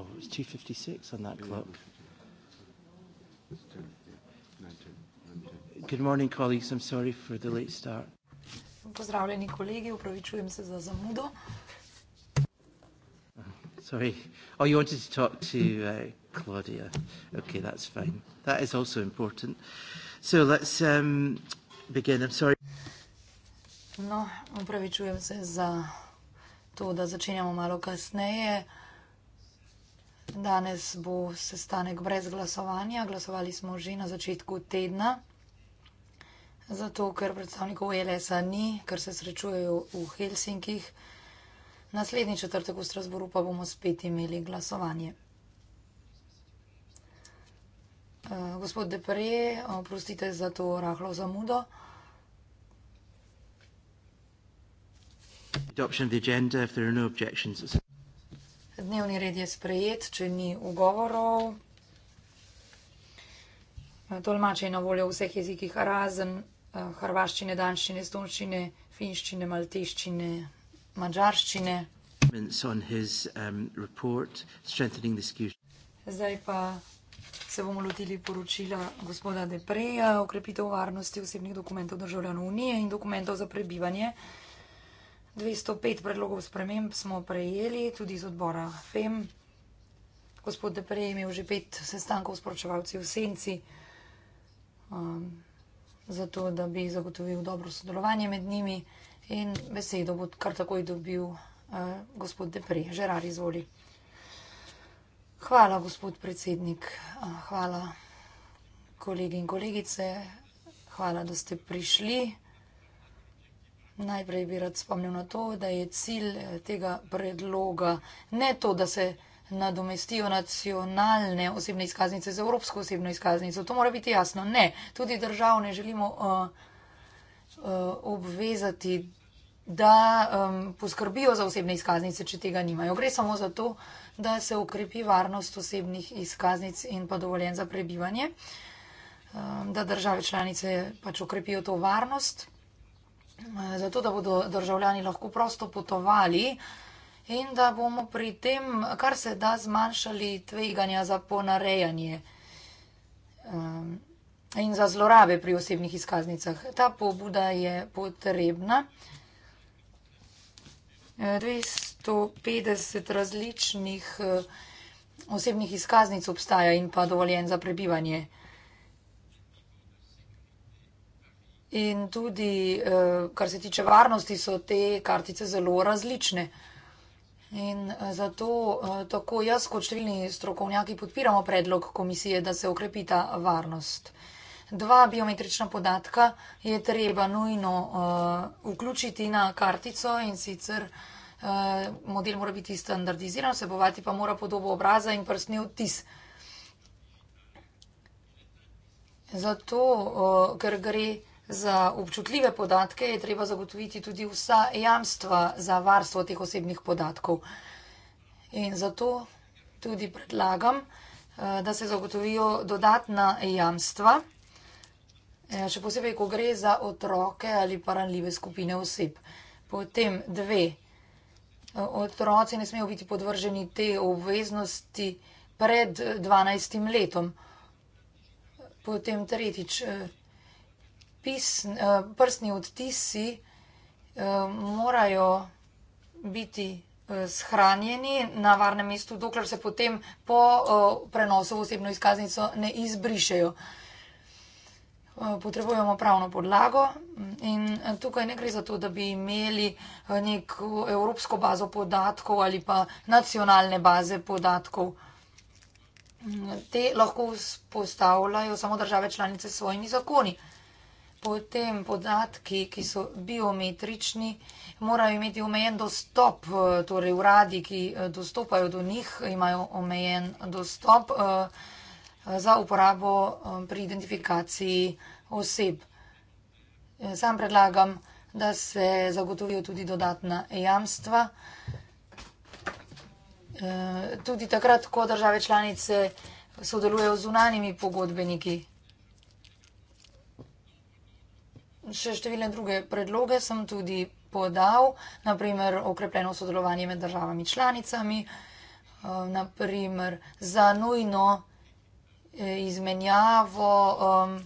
Oh, it's 2.56 on that clock. Good morning, colleagues. I'm sorry for the late start. Pozdravljeni kolegi, upravičujem se za zamudo. Uh-huh. Sorry. Oh, you wanted to talk to uh, Claudia. Okay, that's fine. That is also important. So let's um, begin. I'm sorry. No, upravičujem se za to, da začenjamo malo kasneje. Danes bo sestanek brez glasovanja. Glasovali smo že na začetku tedna, zato ker predstavnikov ELS-a ni, ker se srečujejo v Helsinkih. Naslednji četrtek v Strasburu pa bomo spet imeli glasovanje. Uh, gospod Depre, oprostite za to rahlo zamudo. Adoption of the agenda, if there are no objections. It's... Dnevni red je sprejet, če ni ugovorov. Tolmače je na voljo v vseh jezikih razen eh, hrvaščine, danščine, stonščine, finščine, malteščine, mađarščine. Um, Zdaj pa se bomo lotili poročila gospoda Depreja, okrepitev varnosti osebnih dokumentov državljanov Unije in dokumentov za prebivanje. 205 predlogov sprememb smo prejeli tudi iz odbora FEM. Gospod Deprej je imel že pet sestankov s poročevalci v Senci, um, zato da bi zagotovil dobro sodelovanje med njimi in besedo bo kar takoj dobil uh, gospod Deprej. Žerar, izvoli. Hvala, gospod predsednik. Hvala, kolegi in kolegice. Hvala, da ste prišli. Najprej bi rad spomnil na to, da je cilj eh, tega predloga ne to, da se nadomestijo nacionalne osebne izkaznice z evropsko osebno izkaznico. To mora biti jasno. Ne, tudi državne želimo uh, uh, obvezati, da um, poskrbijo za osebne izkaznice, če tega nimajo. Gre samo za to, da se ukrepi varnost osebnih izkaznic in pa dovoljen za prebivanje, um, da države članice pač ukrepijo to varnost zato da bodo državljani lahko prosto potovali in da bomo pri tem, kar se da, zmanjšali tveganja za ponarejanje um, in za zlorabe pri osebnih izkaznicah. Ta pobuda je potrebna. 250 različnih uh, osebnih izkaznic obstaja in pa dovoljen za prebivanje. In tudi, eh, kar se tiče varnosti, so te kartice zelo različne. In eh, zato eh, tako jaz kot številni strokovnjaki podpiramo predlog komisije, da se okrepi ta varnost. Dva biometrična podatka je treba nujno uh, vključiti na kartico in sicer uh, model mora biti standardiziran, vsebovati pa mora podobo obraza in prstni odtis. Zato, uh, ker gre. Za občutljive podatke je treba zagotoviti tudi vsa jamstva za varstvo teh osebnih podatkov. In zato tudi predlagam, eh, da se zagotovijo dodatna jamstva, eh, še posebej, ko gre za otroke ali paranljive skupine oseb. Potem dve. Eh, otroci ne smejo biti podvrženi te obveznosti pred 12. letom. Potem tretjič pis, eh, prstni odtisi eh, morajo biti eh, shranjeni na varnem mestu, dokler se potem po prenosu v osebno izkaznico ne izbrišejo. Potrebujemo pravno podlago in tukaj ne gre za to, da bi imeli neko evropsko bazo podatkov ali pa nacionalne baze podatkov. Mm, te lahko vzpostavljajo samo države članice s svojimi zakoni. Potem podatki, ki so biometrični, morajo imeti omejen dostop, eh, torej uradi, ki eh, dostopajo do njih, imajo omejen dostop eh, za uporabo pri identifikaciji oseb. Sam predlagam, da se zagotovijo tudi dodatna jamstva. Tudi takrat, ko države članice sodelujejo z zunanjimi pogodbeniki. še številne druge predloge sem tudi podal, naprimer okrepljeno sodelovanje med državami članicami, eh, naprimer za nujno eh, izmenjavo um,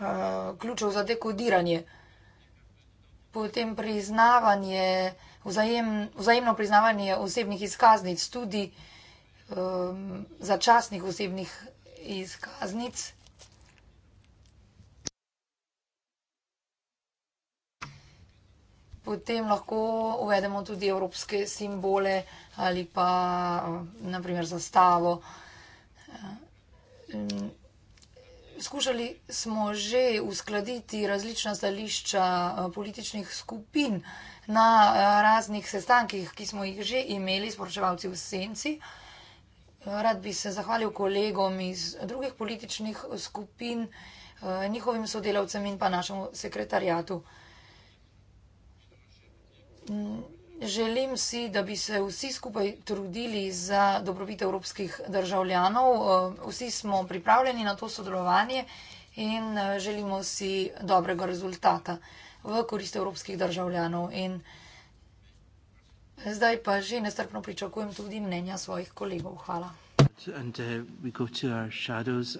uh, ključev za dekodiranje, potem priznavanje, vzajem, vzajemno priznavanje osebnih izkaznic, tudi um, začasnih osebnih izkaznic. potem lahko uvedemo tudi evropske simbole ali pa eh, naprimer zastavo. Eh, skušali smo že uskladiti različna stališča eh, političnih skupin na raznih sestankih, ki smo jih že imeli, sporočevalci v senci. Rad bi se zahvalil kolegom iz drugih političnih skupin, njihovim sodelavcem in pa našemu sekretarjatu. Želim si, da bi se vsi skupaj trudili za dobrobit evropskih državljanov. Eh, vsi smo pripravljeni na to sodelovanje in eh, želimo si dobrega rezultata v korist evropskih državljanov. In zdaj pa že nestrpno pričakujem tudi mnenja svojih kolegov. Hvala. And, uh,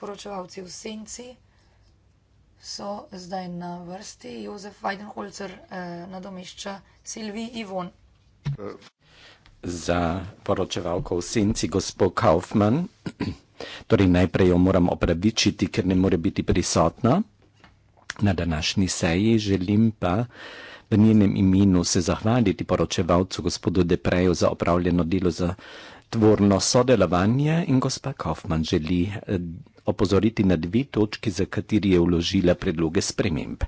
poročevalci v senci so zdaj na vrsti. Jozef Weidenholzer eh, nadomešča Silvi Ivon. Za poročevalko v senci gospod Kaufmann, torej najprej jo moram opravičiti, ker ne more biti prisotna na današnji seji, želim pa v njenem imenu se zahvaliti poročevalcu gospodu Depreju za opravljeno delo za tvorno sodelovanje in gospa Kaufmann želi eh, opozoriti na dve točki, za kateri je vložila predloge sprememb.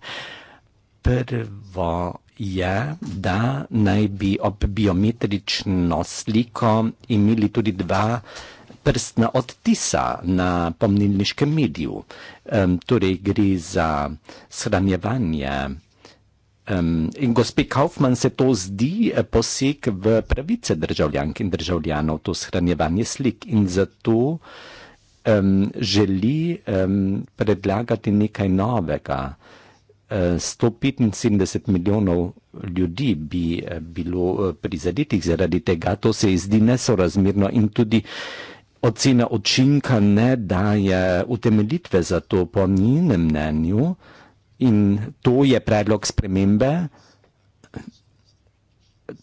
Prvo je, da naj bi ob biometrično sliko imeli tudi dva prstna odtisa na pomnilniškem mediju. Um, torej gre za shranjevanje. Um, in gospe Kaufmann se to zdi eh, poseg v pravice državljank in državljanov, to shranjevanje slik in zato um, želi um, predlagati nekaj novega. Uh, 175 milijonov ljudi bi uh, bilo uh, prizadetih zaradi tega, to se zdi nesorazmerno in tudi ocena očinka ne daje utemeljitve za to po njenem mnenju in to je predlog spremembe.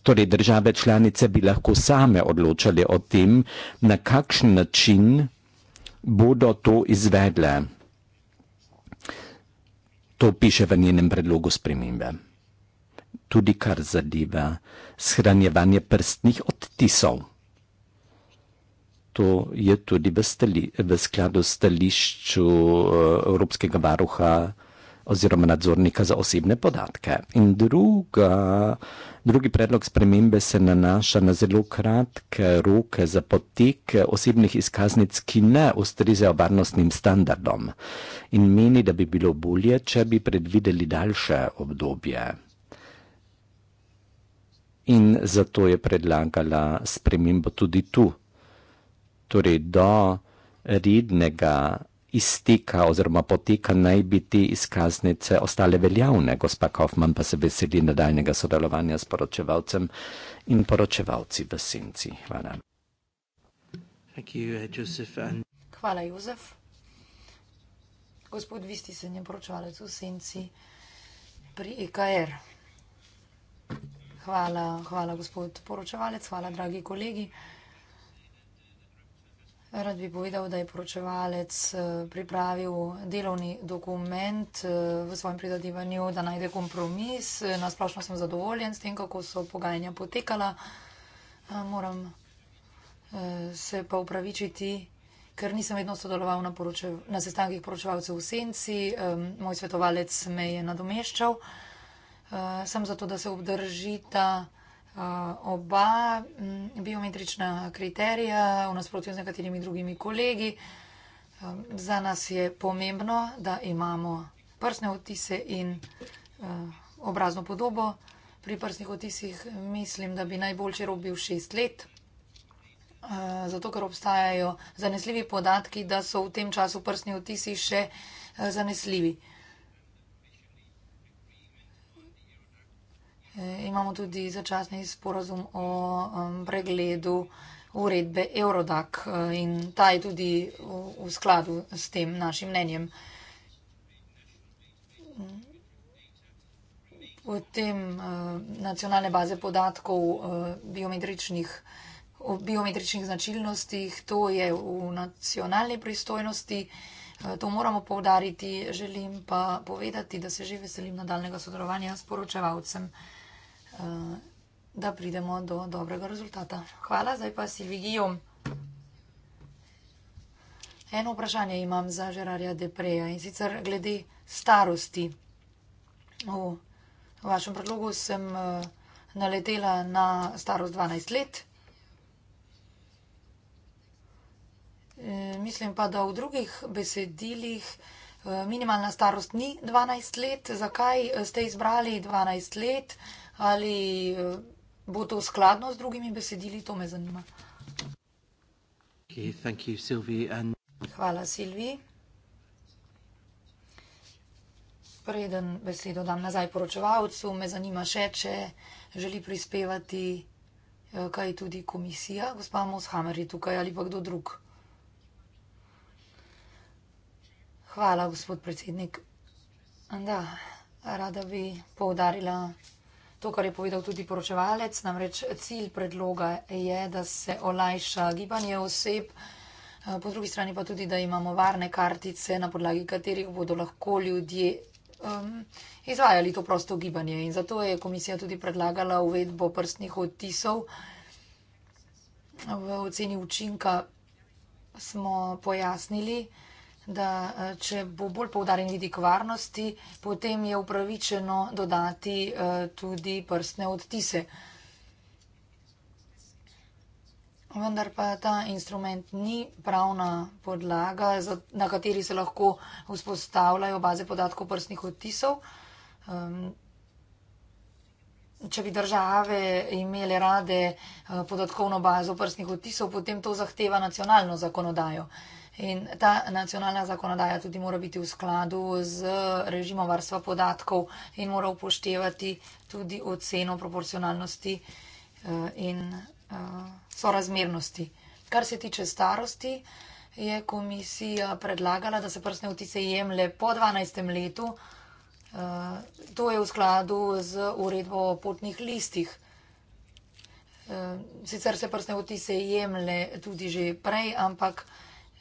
Torej, države članice bi lahko same odločali o tem, na kakšen način bodo to izvedle. To piše v njenem predlogu spremembe. Tudi kar zadeva shranjevanje prstnih odtisov. To je tudi v, stali, v skladu s stališču eh, Evropskega varuha oziroma nadzornika za osebne podatke. In druga. Drugi predlog spremembe se nanaša na zelo kratk rok za potek osebnih izkaznic, ki ne ustrezajo varnostnim standardom in meni, da bi bilo bolje, če bi predvideli daljše obdobje. In zato je predlagala spremembo tudi tu, torej do rednega izteka oziroma poteka naj bi te izkaznice ostale veljavne. Gospa Kaufmann pa se veseli nadaljnega sodelovanja s poročevalcem in poročevalci v senci. Hvala. Uh, hvala, Jozef. Gospod Vistisen je poročevalec v senci pri EKR. Hvala, hvala, gospod poročevalec, hvala, dragi kolegi. Rad bi povedal, da je poročevalec eh, pripravil delovni dokument eh, v svojem pridodivanju, da najde kompromis. Nasplošno sem zadovoljen s tem, kako so pogajanja potekala. Eh, moram se pa upravičiti, ker nisem vedno sodeloval na, na sestankih poročevalcev v Senci. Moj svetovalec me je nadomeščal. Sem zato, da se obdržita. Eh, oba mm, biometrična kriterija, v nasprotju z nekaterimi drugimi kolegi. Eh, za nas je pomembno, da imamo prsne otise in eh, obrazno podobo. Pri prsnih otisih mislim, da bi najboljši rok bil šest let. Zato, ker obstajajo zanesljivi podatki, da so v tem času prsni otisi še zanesljivi. Imamo tudi začasni sporazum o um, pregledu uredbe Eurodac uh, in ta je tudi v skladu s tem našim mnenjem. V tem uh, nacionalne baze podatkov uh, biometričnih, o biometričnih značilnostih, to je v nacionalni pristojnosti, to moramo povdariti, želim pa povedati, da se že veselim nadaljnega sodelovanja s poročevalcem da pridemo do dobrega rezultata. Hvala, zdaj pa si vigijom. Eno vprašanje imam za Žerarja Depreja in sicer glede starosti. V vašem predlogu sem eh, naletela na starost 12 let. Eh, mislim pa, da v drugih besedilih eh, minimalna starost ni 12 let. Zakaj ste izbrali 12 let? 12 let ali eh, bo to skladno z drugimi besedili, to me zanima. Okay, you, And... Hvala, Silvi. Preden besedo dam nazaj poročevalcu, me zanima še, če želi prispevati eh, kaj tudi komisija, gospa Moshammer je tukaj ali pa kdo drug. Hvala, gospod predsednik. Da, rada bi poudarila To, kar je povedal tudi poročevalec, namreč cilj predloga je, da se olajša gibanje oseb, eh, po drugi strani pa tudi, da imamo varne kartice, na podlagi katerih bodo lahko ljudje um, izvajali to prosto gibanje. In zato je komisija tudi predlagala uvedbo prstnih odtisov. V oceni učinka smo pojasnili, da eh, če bo bolj povdaren vidik varnosti, potem je upravičeno dodati eh, tudi prstne odtise. Vendar pa ta instrument ni pravna podlaga, na kateri se lahko vzpostavljajo baze podatkov prstnih odtisov. Ehm, če bi države imele rade eh, podatkovno bazo prstnih odtisov, potem to zahteva nacionalno zakonodajo. In ta nacionalna zakonodaja tudi mora biti v skladu z režimom varstva podatkov in mora upoštevati tudi oceno proporcionalnosti eh, in eh, sorazmernosti. Kar se tiče starosti, je komisija predlagala, da se prstne vtise jemlje po 12. letu. Eh, to je v skladu z uredbo o potnih listih. Sicer se prstne vtise jemlje tudi že prej, ampak.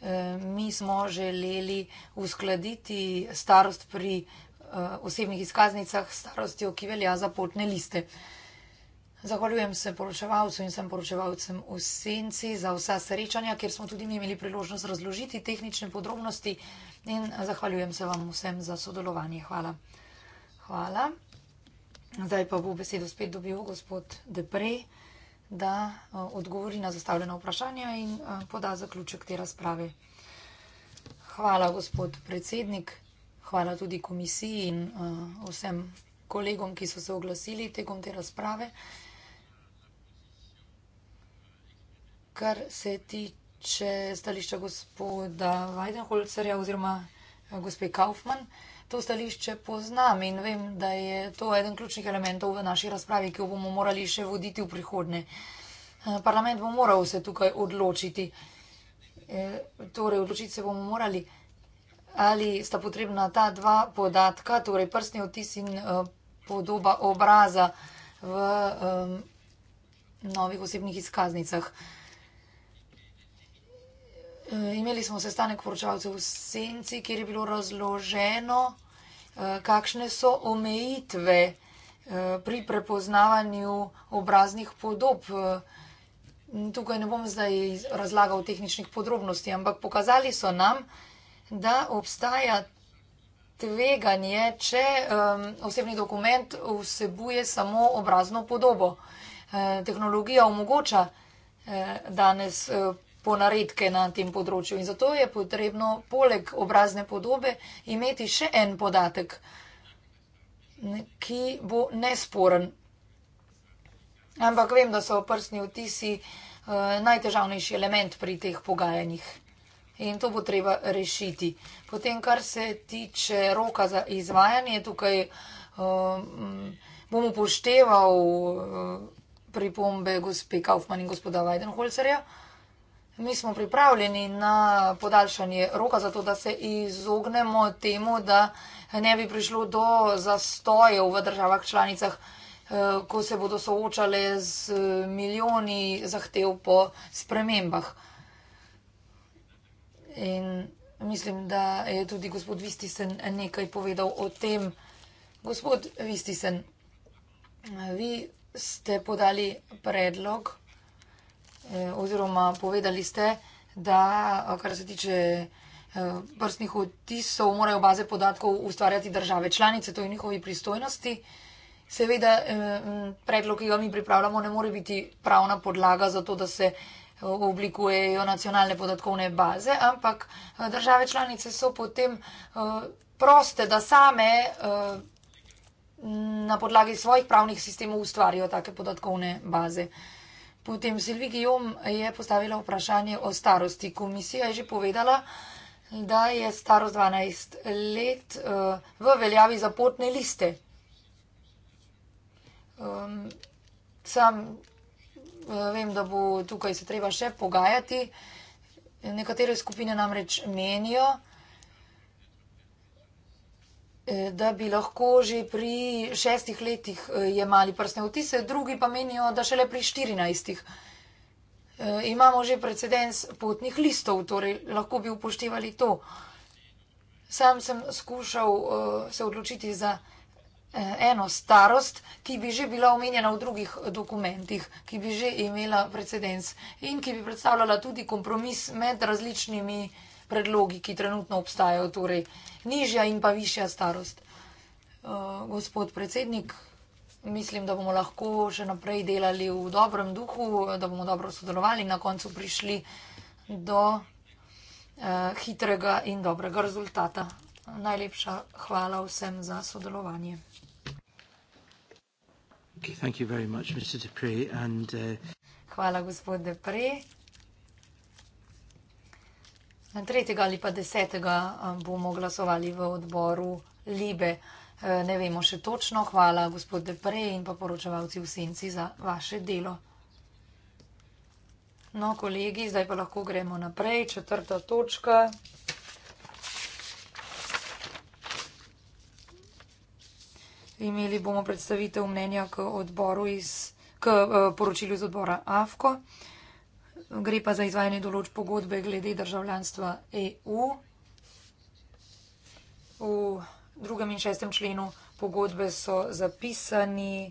Eh, mi smo želeli uskladiti starost pri eh, osebnih izkaznicah s starostjo, ki velja za potne liste. Zahvaljujem se poročevalcu in sem poročevalcem v senci za vsa srečanja, kjer smo tudi mi imeli priložnost razložiti tehnične podrobnosti in zahvaljujem se vam vsem za sodelovanje. Hvala. Hvala. Zdaj pa bo besedo spet dobil gospod Deprej da eh, odgovori na zastavljena vprašanja in eh, poda zaključek te razprave. Hvala, gospod predsednik, hvala tudi komisiji in eh, vsem kolegom, ki so se oglasili tekom te razprave. Kar se tiče stališča gospoda Weidenholzerja oziroma gospe Kaufmann to stališče poznam in vem, da je to eden ključnih elementov v naši razpravi, ki jo bomo morali še voditi v prihodnje. Eh, parlament bo moral se tukaj odločiti. Eh, torej, odločiti se bomo morali, ali sta potrebna ta dva podatka, torej prstni otis in eh, podoba obraza v ehm, novih osebnih izkaznicah. Eh, imeli smo sestanek poročevalcev v Senci, kjer je bilo razloženo, eh, kakšne so omejitve eh, pri prepoznavanju obraznih podob. Tukaj ne bom zdaj razlagal tehničnih podrobnosti, ampak pokazali so nam, da obstaja tveganje, če osebni dokument vsebuje samo obrazno podobo. Tehnologija omogoča danes ponaredke na tem področju. In zato je potrebno poleg obrazne podobe imeti še en podatek, ki bo nesporen. Ampak vem, da so prstni vtisi eh, najtežavnejši element pri teh pogajanjih. In to bo treba rešiti. Potem, kar se tiče roka za izvajanje, tukaj um, bom upošteval uh, pripombe gospe Kaufman in gospoda Weidenholzerja. Uh, Mi smo pripravljeni na podaljšanje roka, zato da se izognemo temu, da ne bi prišlo do zastojev v državah članicah, eh, ko se bodo soočale z milijoni zahtev po spremembah. In mislim, da je tudi gospod Vistisen nekaj povedal o tem. Gospod Vistisen, vi ste podali predlog. Eh, oziroma povedali ste, da eh, kar se tiče eh, prstnih odtisov, morajo baze podatkov ustvarjati države članice, to je njihovi pristojnosti. Seveda, predlog, ki ga mi pripravljamo, ne more biti pravna podlaga za to, da se oblikujejo nacionalne podatkovne baze, ampak države članice so potem proste, da same na podlagi svojih pravnih sistemov ustvarijo take podatkovne baze. Potem Silvi Gijom je postavila vprašanje o starosti. Komisija je že povedala, da je starost 12 let uh, v veljavi za potne liste. Um, sam uh, vem, da bo tukaj se treba še pogajati. Nekatere skupine namreč menijo, Eh, da bi lahko že pri šestih letih eh, jemali prstne vtise, drugi pa menijo, da šele pri štirinajstih. Eh, imamo že precedens potnih listov, torej lahko bi upoštevali to. Sam sem skušal se odločiti za eno starost, ki bi že bila omenjena v drugih dokumentih, ki bi že imela precedens in ki bi predstavljala tudi kompromis med različnimi eh, predlogi, ki trenutno obstajajo, torej nižja in pa višja starost. Eh, gospod predsednik, mislim, da bomo lahko še naprej delali v dobrem duhu, da bomo dobro sodelovali in na koncu prišli do eh, hitrega in dobrega rezultata. Najlepša hvala vsem za sodelovanje. Okay, thank you very much, Mr. Dupree, and uh... Hvala, gospod Dupree. 3. ali pa 10. Eh, bomo glasovali v odboru Libe. Eh, ne vemo še točno. Hvala, gospod Depre in pa poročevalci v Senci za vaše delo. No, kolegi, zdaj pa lahko gremo naprej. Četrta točka. Imeli bomo predstavitev mnenja k, iz, k eh, poročilju z odbora AFKO gre pa za izvajanje določ pogodbe glede državljanstva EU v drugem in šestem členu pogodbe so zapisani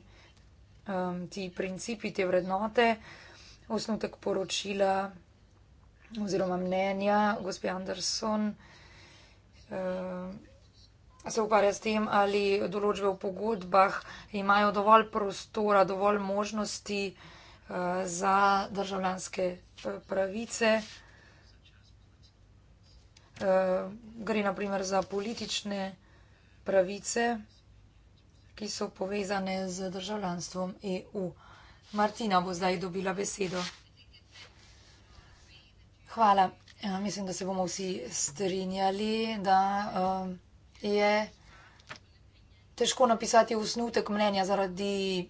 um, ti principi, te vrednote, osnutek poročila oziroma mnenja gospe Anderson um, se ukvarja s tem, ali določbe v pogodbah imajo dovolj prostora, dovolj možnosti, za državljanske eh, pravice. Eh, gre naprimer za politične pravice, ki so povezane z državljanstvom EU. Martina bo zdaj dobila besedo. Hvala. Ja, mislim, da se bomo vsi strinjali, da eh, je težko napisati osnutek mnenja zaradi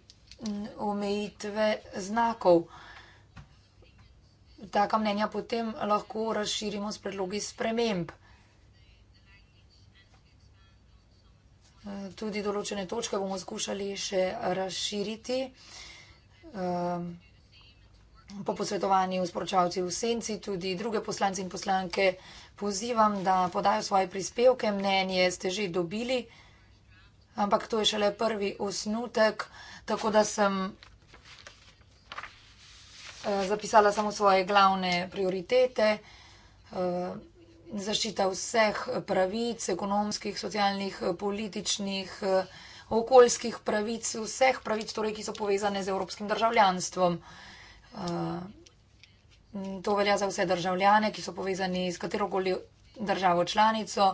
omejitve znakov. Taka mnenja potem lahko razširimo s predlogi sprememb. Tudi določene točke bomo skušali še razširiti ehm, po posvetovanju s poročavci v senci. Tudi druge poslanci in poslanke pozivam, da podajo svoje prispevke. Mnenje ste že dobili vsega ampak to je šele prvi osnutek, tako da sem eh, zapisala samo svoje glavne prioritete, eh, zaščita vseh pravic, ekonomskih, socialnih, eh, političnih, okoljskih pravic, vseh pravic, torej, ki so povezane z evropskim državljanstvom. To velja za vse državljane, ki so povezani z katerokoli državo članico.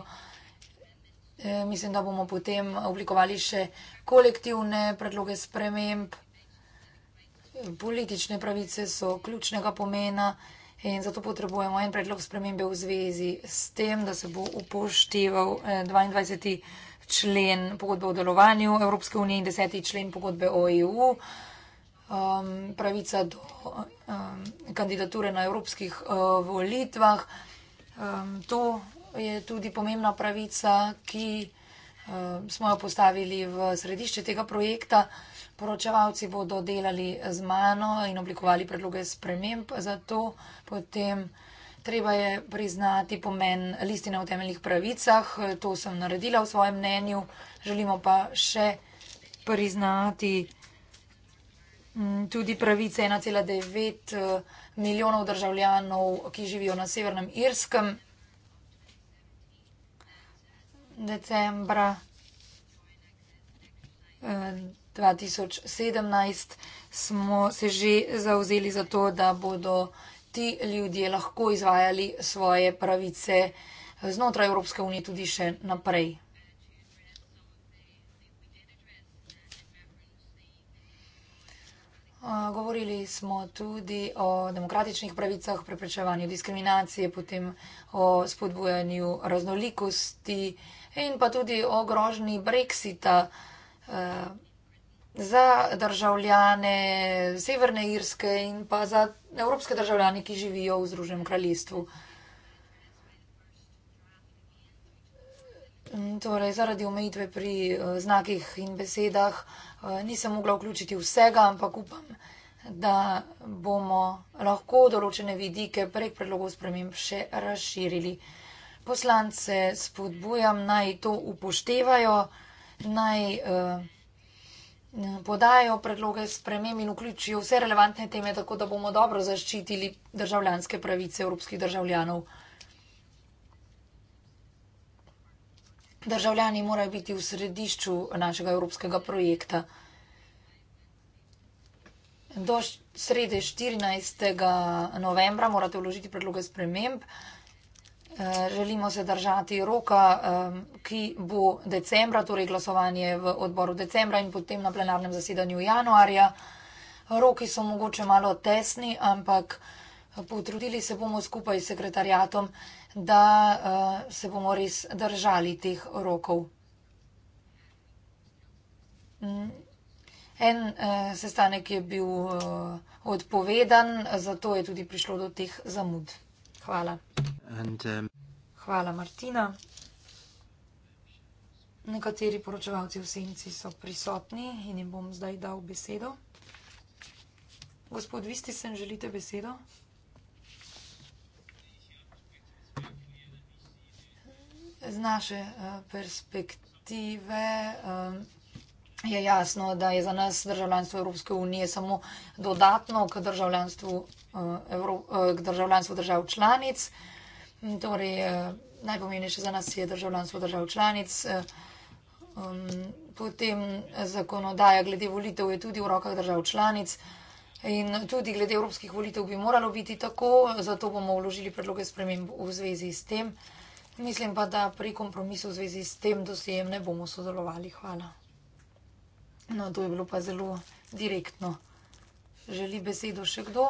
E, mislim, da bomo potem oblikovali še kolektivne predloge sprememb. Politične pravice so ključnega pomena in zato potrebujemo en predlog spremembe v zvezi s tem, da se bo upošteval 22. E, člen pogodbe o delovanju Evropske unije in 10. člen pogodbe o EU. Um, pravica do um, kandidature na evropskih e, volitvah. Um, to je tudi pomembna pravica, ki eh, smo jo postavili v središče tega projekta. Poročevalci bodo delali z mano in oblikovali predloge sprememb, zato potem treba je priznati pomen listine o temeljnih pravicah. To sem naredila v svojem mnenju, želimo pa še priznati mm, tudi pravice 1,9 eh, milijonov državljanov, ki živijo na Severnem Irskem decembra 2017 eh, smo se že zauzeli za to, da bodo ti ljudje lahko izvajali svoje pravice znotraj Evropske unije tudi še naprej. Eh, govorili smo tudi o demokratičnih pravicah, preprečevanju diskriminacije, potem o spodbujanju raznolikosti in in pa tudi o grožni Brexita eh, za državljane Severne Irske in pa za evropske državljane, ki živijo v Združenem kraljestvu. Mm, torej, zaradi omejitve pri eh, znakih in besedah eh, nisem mogla vključiti vsega, ampak upam, da bomo lahko določene vidike prek predlogov spremem še razširili poslance spodbujam, naj to upoštevajo, naj eh, podajo predloge sprememb in vključijo vse relevantne teme, tako da bomo dobro zaščitili državljanske pravice evropskih državljanov. Državljani morajo biti v središču našega evropskega projekta. Do srede 14. novembra morate vložiti predloge sprememb. Eh, želimo se držati roka, ki bo decembra, torej glasovanje v odboru decembra in potem na plenarnem zasedanju januarja. Roki so mogoče malo tesni, ampak potrudili se bomo skupaj s sekretarjatom, da eh, se bomo res držali teh rokov. Mm, en eh, sestanek je bil odpovedan, zato je tudi prišlo do teh zamud. Hvala. And, um... Hvala, Martina. Nekateri poročevalci v senci so prisotni in jim bom zdaj dal besedo. Gospod Vistisen, želite besedo? Z naše eh, perspektive eh, je jasno, da je za nas državljanstvo Evropske unije samo dodatno k državljanstvu Eh, eh, k državljanstvu držav članic. Mm, torej, eh, najpomembnejše za nas je državljanstvo držav članic. Um, potem zakonodaja glede volitev je tudi v rokah držav članic in tudi glede evropskih volitev bi moralo biti tako, zato bomo vložili predloge sprememb v zvezi s tem. Mislim pa, da pri kompromisu v zvezi s tem dosjem ne bomo sodelovali. Hvala. No, to je bilo pa zelo direktno. Želi besedo še kdo?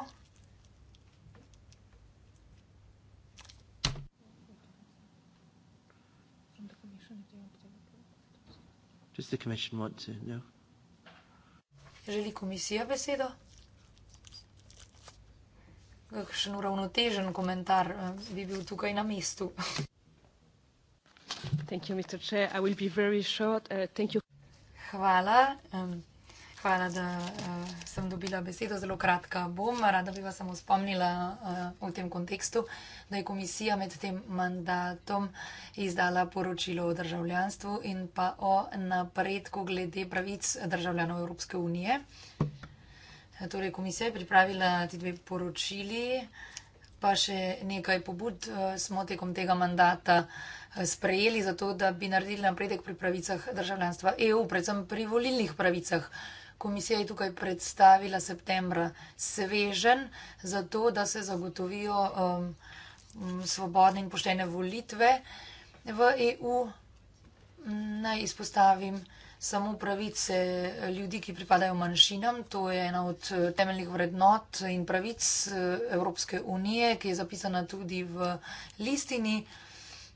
Does the commission want to know? Želi komisija besedo? Kakšen uravnotežen komentar eh, bi bil tukaj na mestu? Thank you, Mr. Chair. I will be very short. Uh, thank you. Hvala. Um, Hvala, da uh, sem dobila besedo. Zelo kratka bom. Rada bi vas samo spomnila uh, eh, v tem kontekstu, da je komisija med tem mandatom izdala poročilo o državljanstvu in pa o napredku glede pravic državljanov Evropske unije. Eh, torej, komisija je pripravila ti dve poročili, pa še nekaj pobud uh, smo tekom tega mandata sprejeli za to, da bi naredili napredek pri pravicah državljanstva EU, predvsem pri volilnih pravicah komisija je tukaj predstavila septembra svežen, zato da se zagotovijo um, um, svobodne in poštene volitve v EU. Naj izpostavim samo pravice ljudi, ki pripadajo manjšinam. To je ena od eh, temeljnih vrednot in pravic eh, Evropske unije, ki je zapisana tudi v listini.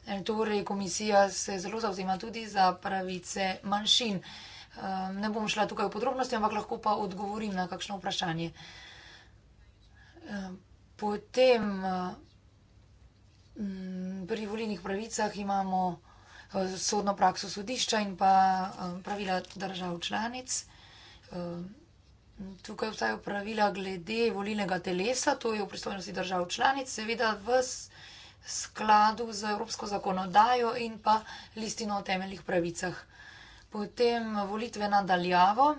Eh, torej, komisija se zelo zauzema tudi za pravice manjšin. Ne bom šla tukaj v podrobnosti, ampak lahko pa odgovorim na kakšno vprašanje. Potem pri volilnih pravicah imamo eh, sodno prakso sodišča in pa pravila držav članic. Tukaj obstajajo pravila glede volilnega telesa, to je v pristojnosti držav članic, seveda v skladu z evropsko zakonodajo in pa listino o temeljnih pravicah. Potem volitve nadaljavo.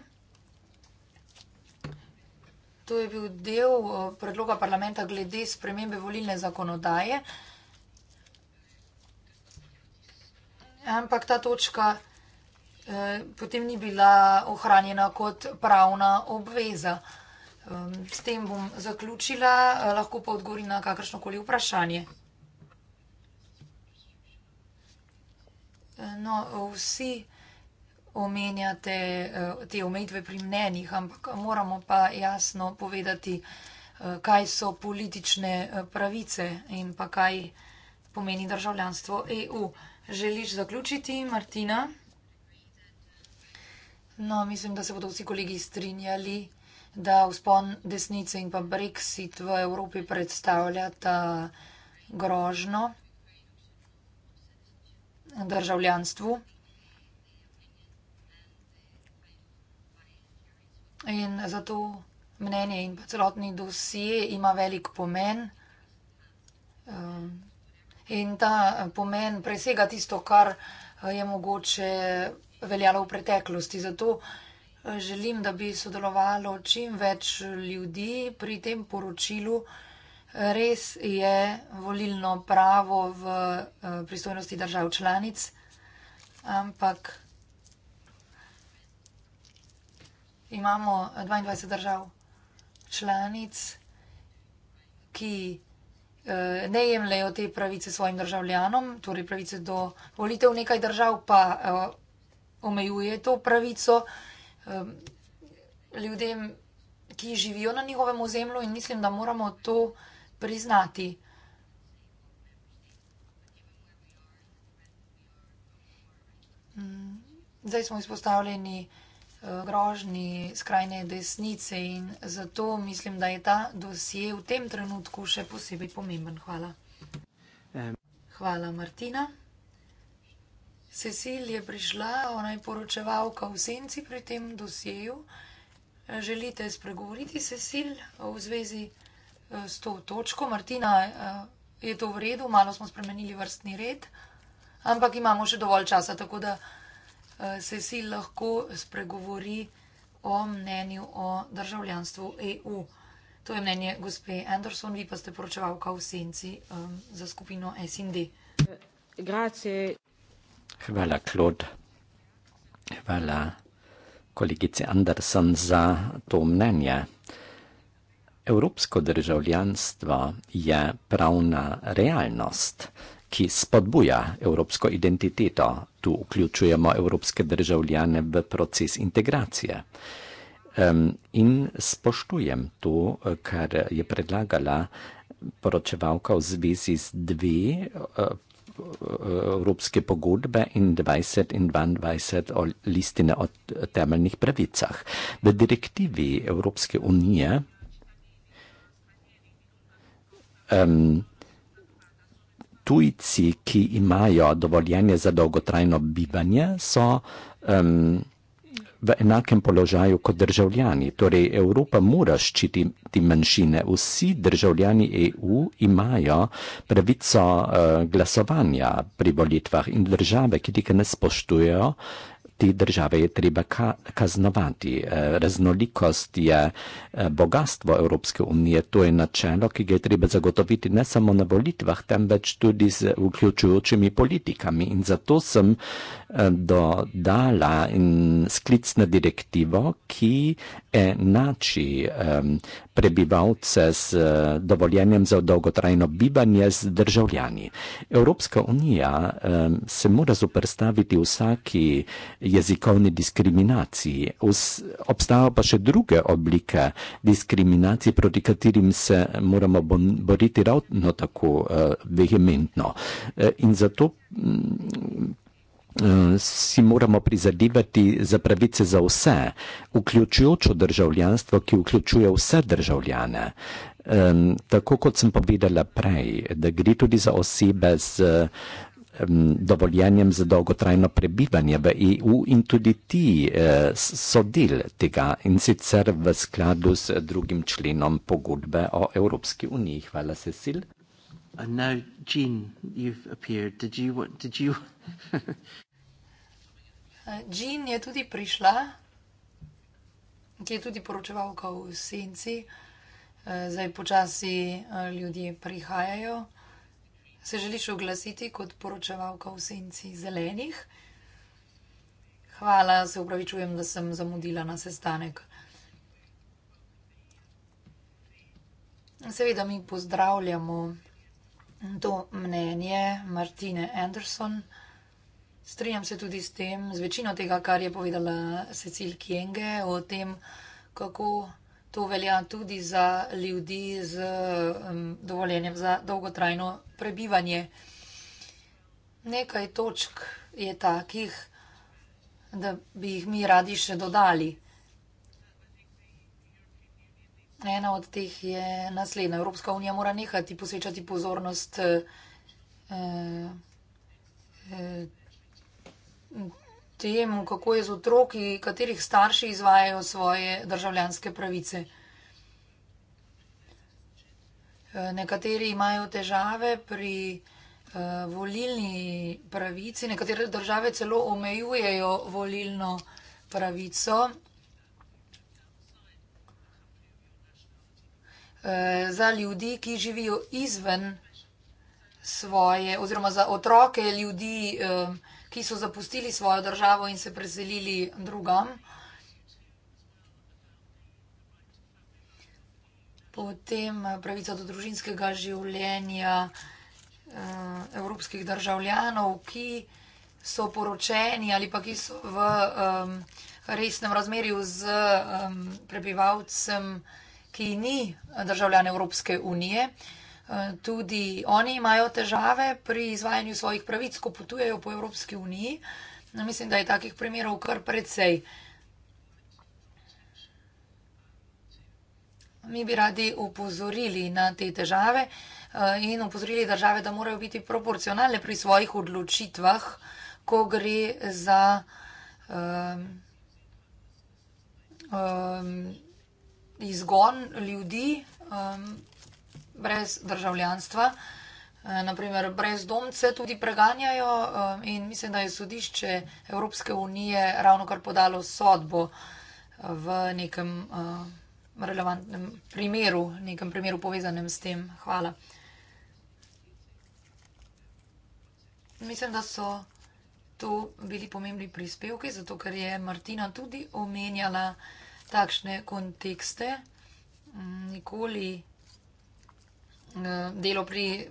To je bil del eh, predloga parlamenta glede spremembe volilne zakonodaje. Ampak ta točka eh, potem ni bila ohranjena kot pravna obveza. Ehm, s tem bom zaključila, eh, lahko pa odgovori na kakršnokoli vprašanje. No, vsi vprašanje omenjate eh, te omejitve pri mnenjih, ampak moramo pa jasno povedati, eh, kaj so politične eh, pravice in pa kaj pomeni državljanstvo EU. Želiš zaključiti, Martina? No, mislim, da se bodo vsi kolegi strinjali, da vzpon desnice in pa Brexit v Evropi predstavljata grožno državljanstvu. In zato mnenje in celotni dosije ima velik pomen. Ehm, in ta eh, pomen presega tisto, kar eh, je mogoče eh, veljalo v preteklosti. Zato želim, da bi sodelovalo čim več ljudi pri tem poročilu. Res je volilno pravo v pristojnosti držav članic, ampak imamo 22 eh, držav članic, ki eh, ne jemljajo te pravice svojim državljanom, torej pravice do volitev nekaj držav, pa eh, omejuje to pravico eh, ljudem, ki živijo na njihovem ozemlju in mislim, da moramo to priznati. Mm, zdaj smo izpostavljeni grožnji skrajne desnice in zato mislim, da je ta dosje v tem trenutku še posebej pomemben. Hvala. Hvala, Martina. Cecil je prišla, ona je poročevalka v senci pri tem dosjeju. Želite spregovoriti, Cecil, v zvezi eh, s to točko? Martina, eh, je to v redu, malo smo spremenili vrstni red, ampak imamo še dovolj časa, tako da uh, se si lahko spregovori o mnenju o državljanstvu EU. To je mnenje gospe Anderson, vi pa ste poročevalka v senci um, za skupino SND. Grazie. Hvala, Klod. Hvala, kolegice Anderson, za to mnenje. Evropsko državljanstvo je pravna realnost ki spodbuja evropsko identiteto. Tu vključujemo evropske državljane v proces integracije. In spoštujem to, kar je predlagala poročevalka v zvezi z dve e, e, evropske pogodbe in 20 in 22 listine o temeljnih pravicah. V direktivi Evropske unije tujci, ki imajo dovoljenje za dolgotrajno bivanje, so um, v enakem položaju kot državljani. Torej, Evropa mora ščititi manjšine. Vsi državljani EU imajo pravico uh, glasovanja pri volitvah in države, ki tega ne spoštujejo, uh, te države je treba ka kaznovati. Eh, raznolikost je eh, bogatstvo Evropske unije, to je načelo, ki ga je treba zagotoviti ne samo na volitvah, temveč tudi z vključujočimi politikami. In zato sem eh, dodala sklic na direktivo, ki enači prebivalce z dovoljenjem za dolgotrajno bivanje z državljani. Evropska unija se mora zoprstaviti vsaki jezikovni diskriminaciji. Obstajajo pa še druge oblike diskriminacije, proti katerim se moramo boriti ravno tako eh, vehementno. Eh, in zato mm, eh, si moramo prizadevati za pravice za vse, vključujočo državljanstvo, ki vključuje vse državljane. Tako kot sem povedala prej, da gre tudi za osebe z dovoljenjem za dolgotrajno prebivanje v EU in tudi ti eh, so del tega in sicer v skladu s drugim členom pogodbe o Evropski uniji. Hvala, Cecil. Eh, Jean je tudi prišla, ki je tudi poročevalka v senci. Eh, zdaj počasi ljudje prihajajo se želiš oglasiti kot poročevalka v senci zelenih. Hvala, se upravičujem, da sem zamudila na sestanek. Seveda mi pozdravljamo to mnenje Martine Anderson. Strinjam se tudi s tem, z večino tega, kar je povedala Cecil Kienge o tem, kako To velja tudi za ljudi z um, dovoljenjem za dolgotrajno prebivanje. Nekaj točk je takih, da bi jih mi radi še dodali. Ena od teh je naslednja. Evropska unija mora nehati posvečati pozornost. Uh, uh, tem, kako je z otroki, katerih starši izvajajo svoje državljanske pravice. E, nekateri imajo težave pri e, volilni pravici, nekatere države celo omejujejo volilno pravico. E, za ljudi, ki živijo izven svoje, oziroma za otroke ljudi, ki živijo izven svoje, ki so zapustili svojo državo in se preselili drugam. Potem eh, pravica do družinskega življenja eh, evropskih državljanov, ki so poročeni ali pa ki so v um, resnem razmerju z um, prebivalcem, ki ni državljan Evropske unije. Uh, tudi oni imajo težave pri izvajanju svojih pravic, ko potujejo po Evropski uniji. No, mislim, da je takih primerov kar precej. Mi bi radi upozorili na te težave eh, in upozorili države, da morajo biti proporcionalne pri svojih odločitvah, ko gre za um, um, izgon ljudi. Um, brez državljanstva. Eh, Naprimer, brezdomce tudi preganjajo eh, in mislim, da je sodišče Evropske unije ravno kar podalo sodbo eh, v nekem relevantnem primeru, nekem primeru povezanem s tem. Hvala. Mislim, da so to bili pomembni prispevki, zato ker je Martina tudi omenjala takšne kontekste. Mm, nikoli ne. Eh, delo pri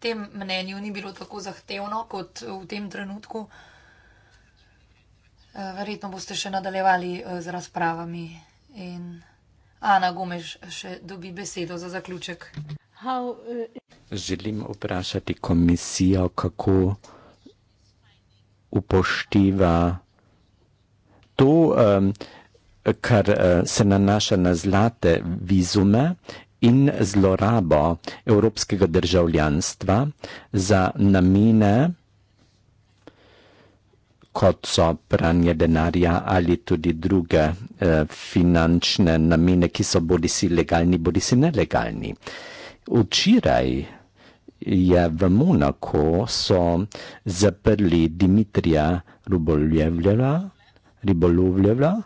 tem mnenju ni bilo tako zahtevno kot v tem trenutku. Eh, verjetno boste še nadaljevali eh, z razpravami. In Ana Gomeš še dobi besedo za zaključek. How, uh... Želim vprašati komisijo, kako upošteva to, um, kar uh, se nanaša na zlate vizume in zlorabo evropskega državljanstva za namene, kot so pranje denarja ali tudi druge eh, finančne namene, ki so bodi si legalni, bodi si nelegalni. Včeraj je v Monako so zaprli Dimitrija Ribolovljeva,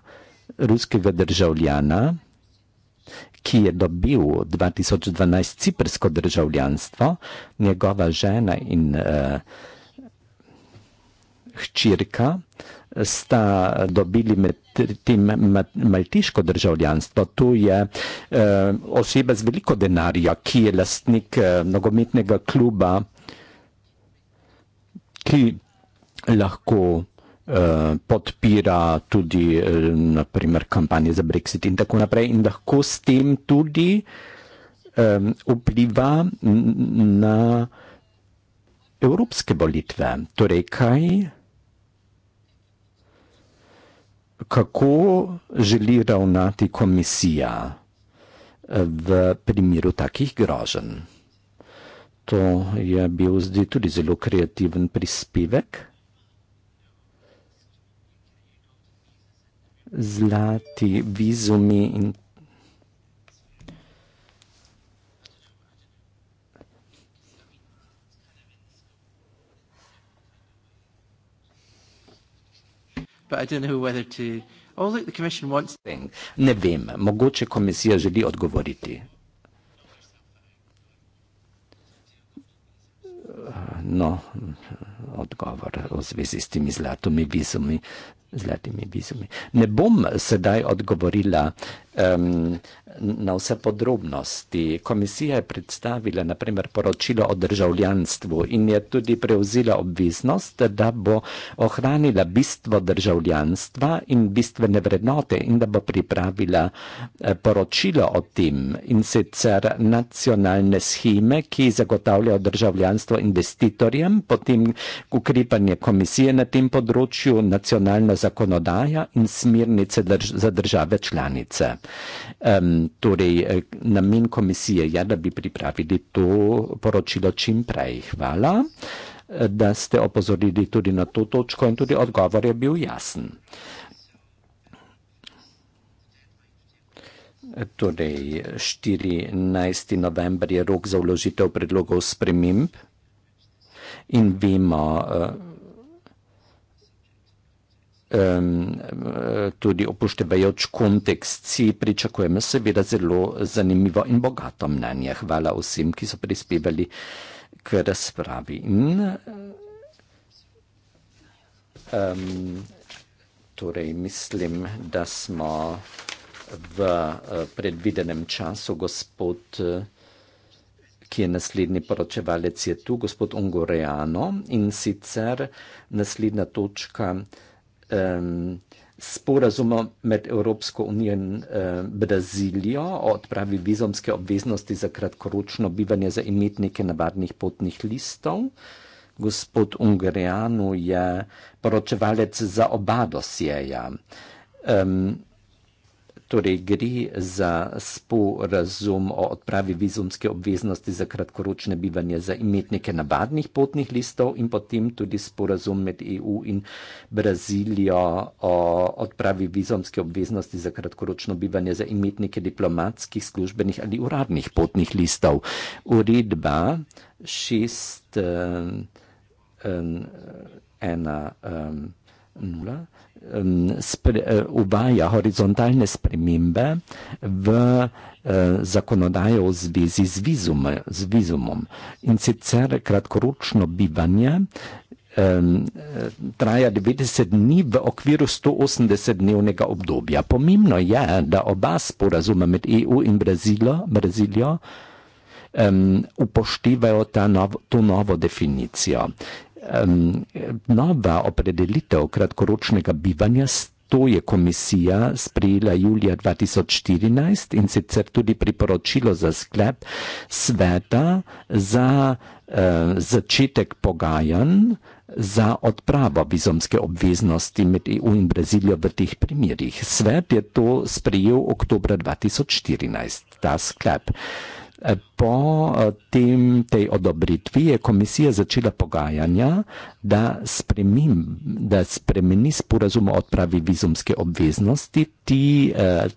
ruskega državljana, ki je ki je dobil 2012 ciprsko državljanstvo, njegova žena in uh, eh, hčirka sta dobili med tem maltiško državljanstvo. Tu je uh, oseba z veliko denarja, ki je lastnik uh, nogometnega kluba, ki lahko Eh, podpira tudi eh, naprimer kampanje za Brexit in tako naprej in lahko s tem tudi um, vpliva na evropske bolitve. Torej, kaj, kako želi ravnati komisija eh, v primeru takih groženj? To je bil zdaj tudi zelo kreativen prispevek. zlati vizumi in But I don't know whether to... Oh, look, the commission wants... Thing. Ne vem, mogoče komisija želi odgovoriti. No, odgovor v zvezi s temi zlatimi vizumi z zlatimi bizumi. Ne bom sedaj odgovorila um, na vse podrobnosti. Komisija je predstavila naprimer poročilo o državljanstvu in je tudi prevzela obveznost, da bo ohranila bistvo državljanstva in bistvene vrednote in da bo pripravila eh, poročilo o tem in sicer nacionalne scheme, ki zagotavljajo državljanstvo investitorjem, potem ukrepanje komisije na tem področju, nacionalna zakonodaja in smernice drž za države članice. Um, torej, eh, namen komisije je, da bi pripravili to poročilo čim prej. Hvala, eh, da ste opozorili tudi na to točko in tudi odgovor je bil jasen. Torej, 14. november je rok za vložitev predlogov sprememb in vemo, da eh, um, tudi opuštevajoč kontekst, si pričakujemo seveda zelo zanimivo in bogato mnenje. Hvala vsem, ki so prispevali k razpravi. In, um, torej, mislim, da smo v eh, predvidenem času, gospod eh, ki je naslednji poročevalec, je tu gospod Ungorejano in sicer naslednja točka um, sporazuma med Evropsko unijo in um, Brazilijo o odpravi vizumske obveznosti za kratkoročno bivanje za imetnike navadnih potnih listov. Gospod Ungarjanu je poročevalec za oba dosjeja. Um, Torej gre za sporazum o odpravi vizumske obveznosti za kratkoročne bivanje za imetnike navadnih potnih listov in potem tudi sporazum med EU in Brazilijo o odpravi vizumske obveznosti za kratkoročno bivanje za imetnike diplomatskih, službenih ali uradnih potnih listov. Uredba 6.1.0. Um, um, E, uvaja horizontalne spremembe v e, zakonodajo v zvezi z, vizum, z vizumom. In sicer kratkoročno bivanje e, traja 90 dni v okviru 180-dnevnega obdobja. Pomembno je, da oba sporazuma med EU in Brazilo, Brazilijo um, upoštevajo nov, to novo definicijo um, nova opredelitev kratkoročnega bivanja. To je komisija sprejela julija 2014 in sicer tudi priporočilo za sklep sveta za uh, začetek pogajanj za odpravo vizumske obveznosti med EU in Brazilijo v teh primerjih. Svet je to sprejel oktober 2014, ta sklep. Eh, po eh, tem, tej odobritvi je komisija začela pogajanja, da, spremim, da spremeni sporazum o odpravi vizumske obveznosti. Ti, eh,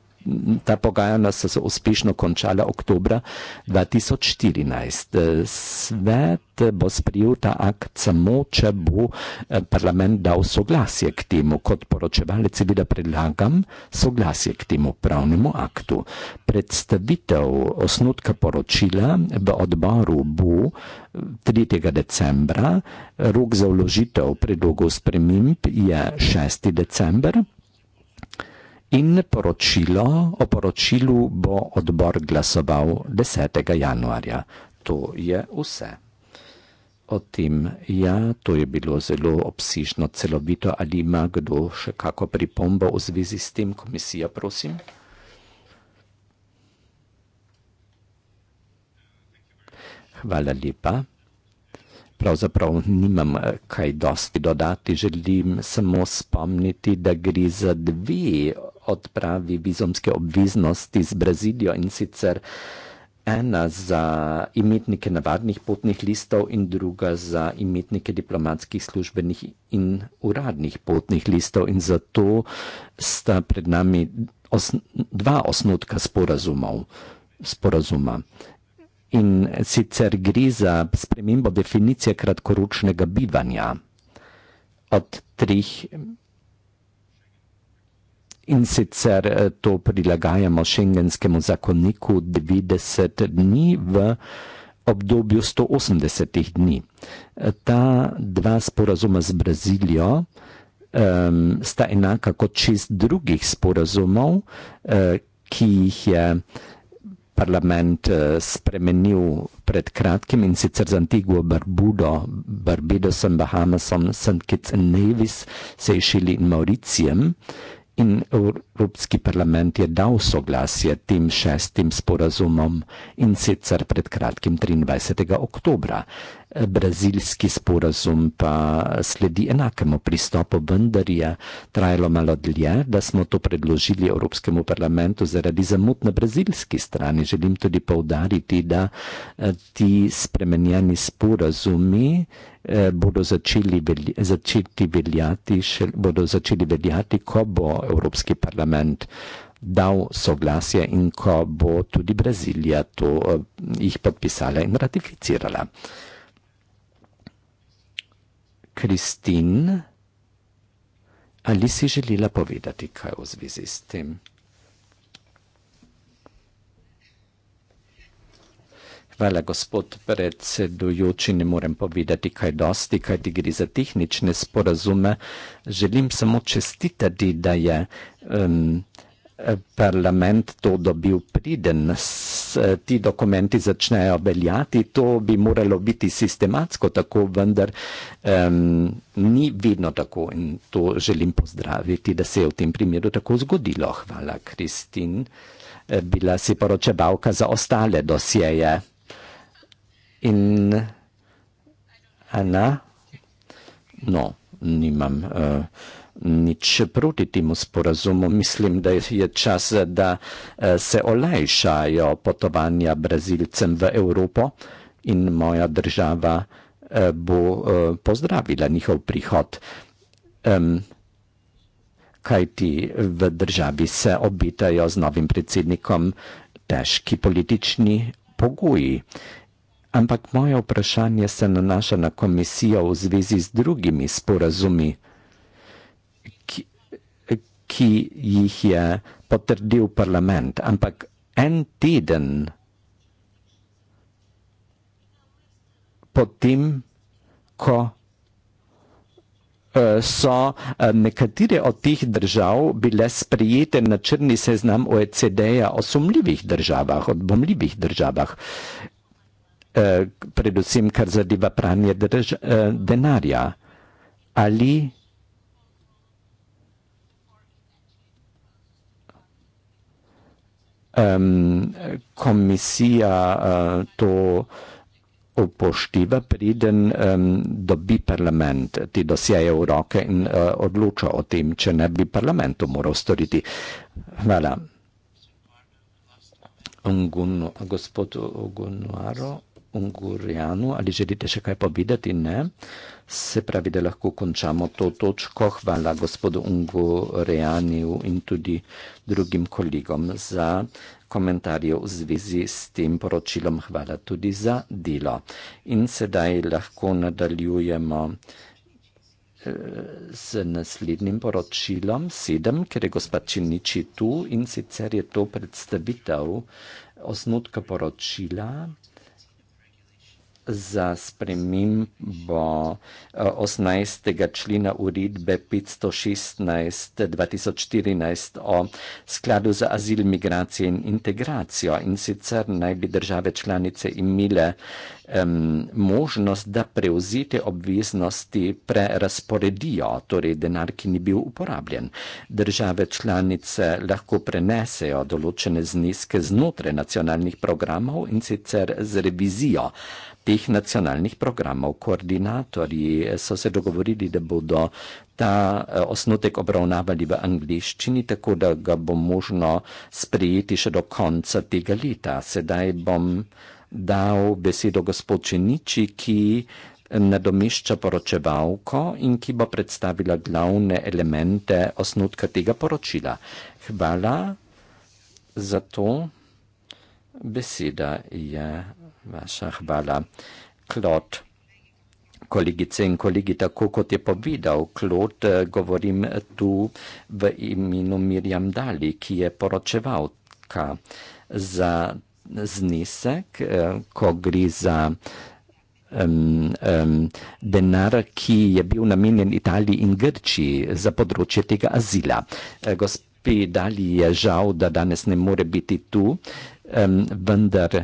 ta pogajanja so se uspešno končala oktobra 2014. E, svet bo sprijel ta akt samo, če bo e, parlament dal soglasje k temu. Kot poročevalec seveda predlagam soglasje k temu pravnemu aktu. Predstavitev osnutka poročila v odboru bo 3. E, decembra, rok za vložitev predlogov sprememb je 6. decembra. In poročilo, o poročilu bo odbor glasoval 10. januarja. To je vse. O tem, ja, to je bilo zelo obsižno, celovito. Ali ima kdo še kakšno pripombo v zvezi s tem, komisija, prosim? Hvala lepa. Pravzaprav nimam eh, kaj dosti dodati, želim samo spomniti, da gre za dve odpravi vizumske obveznosti z Brazilijo in sicer ena za imetnike navadnih potnih listov in druga za imetnike diplomatskih službenih in uradnih potnih listov in zato sta pred nami os dva osnutka sporazumov, sporazuma. In sicer gre za spremembo definicije kratkoročnega bivanja od treh In sicer eh, to prilagajamo šengenskemu zakoniku 90 dni v obdobju 180 dni. Eh, ta dva sporazuma z Brazilijo um, sta enaka kot šest drugih sporazumov, uh, ki jih je parlament uh, spremenil pred kratkim in sicer z Antiguo Barbudo, Barbidosom, Bahamasom, St. Kitts in Nevis, Sejšili in Mauricijem. In Evropski parlament je dal soglasje tem šestim sporazumom in sicer pred kratkim 23. oktobra brazilski sporazum pa sledi enakemu pristopu, vendar je trajalo malo dlje, da smo to predložili Evropskemu parlamentu zaradi zamud na brazilski strani. Želim tudi povdariti, da eh, ti spremenjeni sporazumi eh, bodo začeli, velja, začeti veljati, še, bodo začeli veljati, ko bo Evropski parlament dal soglasje in ko bo tudi Brazilija to eh, jih podpisala in ratificirala. Kristin, ali si želela povedati kaj v zvezi s tem? Hvala, gospod predsedujoči, ne morem povedati kaj dosti, kaj ti gre za tehnične sporazume. Želim samo čestitati, da je um, parlament to dobil priden, eh, ti dokumenti začnejo veljati, to bi moralo biti sistematsko tako, vendar um, ni vedno tako in to želim pozdraviti, da se je v tem primeru tako zgodilo. Hvala, Kristin. Eh, bila si poročevalka za ostale dosjeje. In Ana? No, nimam. Uh, nič proti temu sporazumu. Mislim, da je čas, da eh, se olajšajo potovanja Brazilcem v Evropo in moja država eh, bo eh, pozdravila njihov prihod. Kaj ti v državi se obitajo z novim predsednikom težki politični pogoji? Ampak moje vprašanje se nanaša na komisijo v zvezi z drugimi sporazumi ki jih je potrdil parlament, ampak en teden potem, ko eh, so eh, nekatere od teh držav bile sprejete na črni seznam OECD-ja o sumljivih državah, o bomljivih državah, eh, predvsem kar zadeva pranje denarja. Ali um, komisija uh, to upošteva, preden um, dobi parlament ti dosjeje v roke in uh, odloča o tem, če ne bi parlamentu moral storiti. Hvala. Ungun, gospod Ogunuaro. Ungurjanu, ali želite še kaj povedati? Ne. Se pravi, da lahko končamo to točko. Hvala gospodu Ungurjanu in tudi drugim kolegom za komentarje v zvezi s tem poročilom. Hvala tudi za delo. In sedaj lahko nadaljujemo eh, z naslednjim poročilom sedem, ker je gospod Činiči tu in sicer je to predstavitev osnutka poročila za spremembo 18. Eh, člena uredbe 516-2014 o skladu za azil, migracijo in integracijo. In sicer naj bi države članice imele um, možnost, da prevzete obveznosti prerasporedijo, torej denar, ki ni bil uporabljen. Države članice lahko prenesejo določene zneske znotraj nacionalnih programov in sicer z revizijo teh nacionalnih programov. Koordinatorji eh, so se dogovorili, da bodo ta eh, osnotek obravnavali v angliščini, tako da ga bo možno sprejeti še do konca tega leta. Sedaj bom dal besedo gospod Čeniči, ki eh, nadomešča poročevalko in ki bo predstavila glavne elemente osnotka tega poročila. Hvala za to. Beseda je vaša hvala. Klot, kolegice in kolegi, tako kot je povedal Klot, eh, govorim tu v imenu Mirjam Dali, ki je poročevalka za znesek, eh, ko gre za um, um, denar, ki je bil namenjen Italiji in Grčiji za področje tega azila. Eh, gospe Dali je žal, da danes ne more biti tu, um, vendar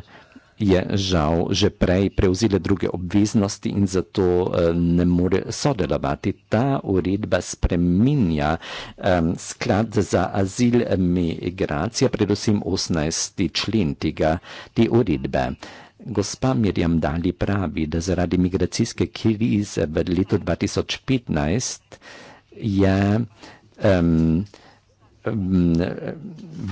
je žal že prej prevzela druge obveznosti in zato eh, ne more sodelovati. Ta uredba spreminja sklad za azil migracija, predvsem 18. člen tega, te uredbe. Gospa Mirjam Dali pravi, da zaradi migracijske krize v letu 2015 je um,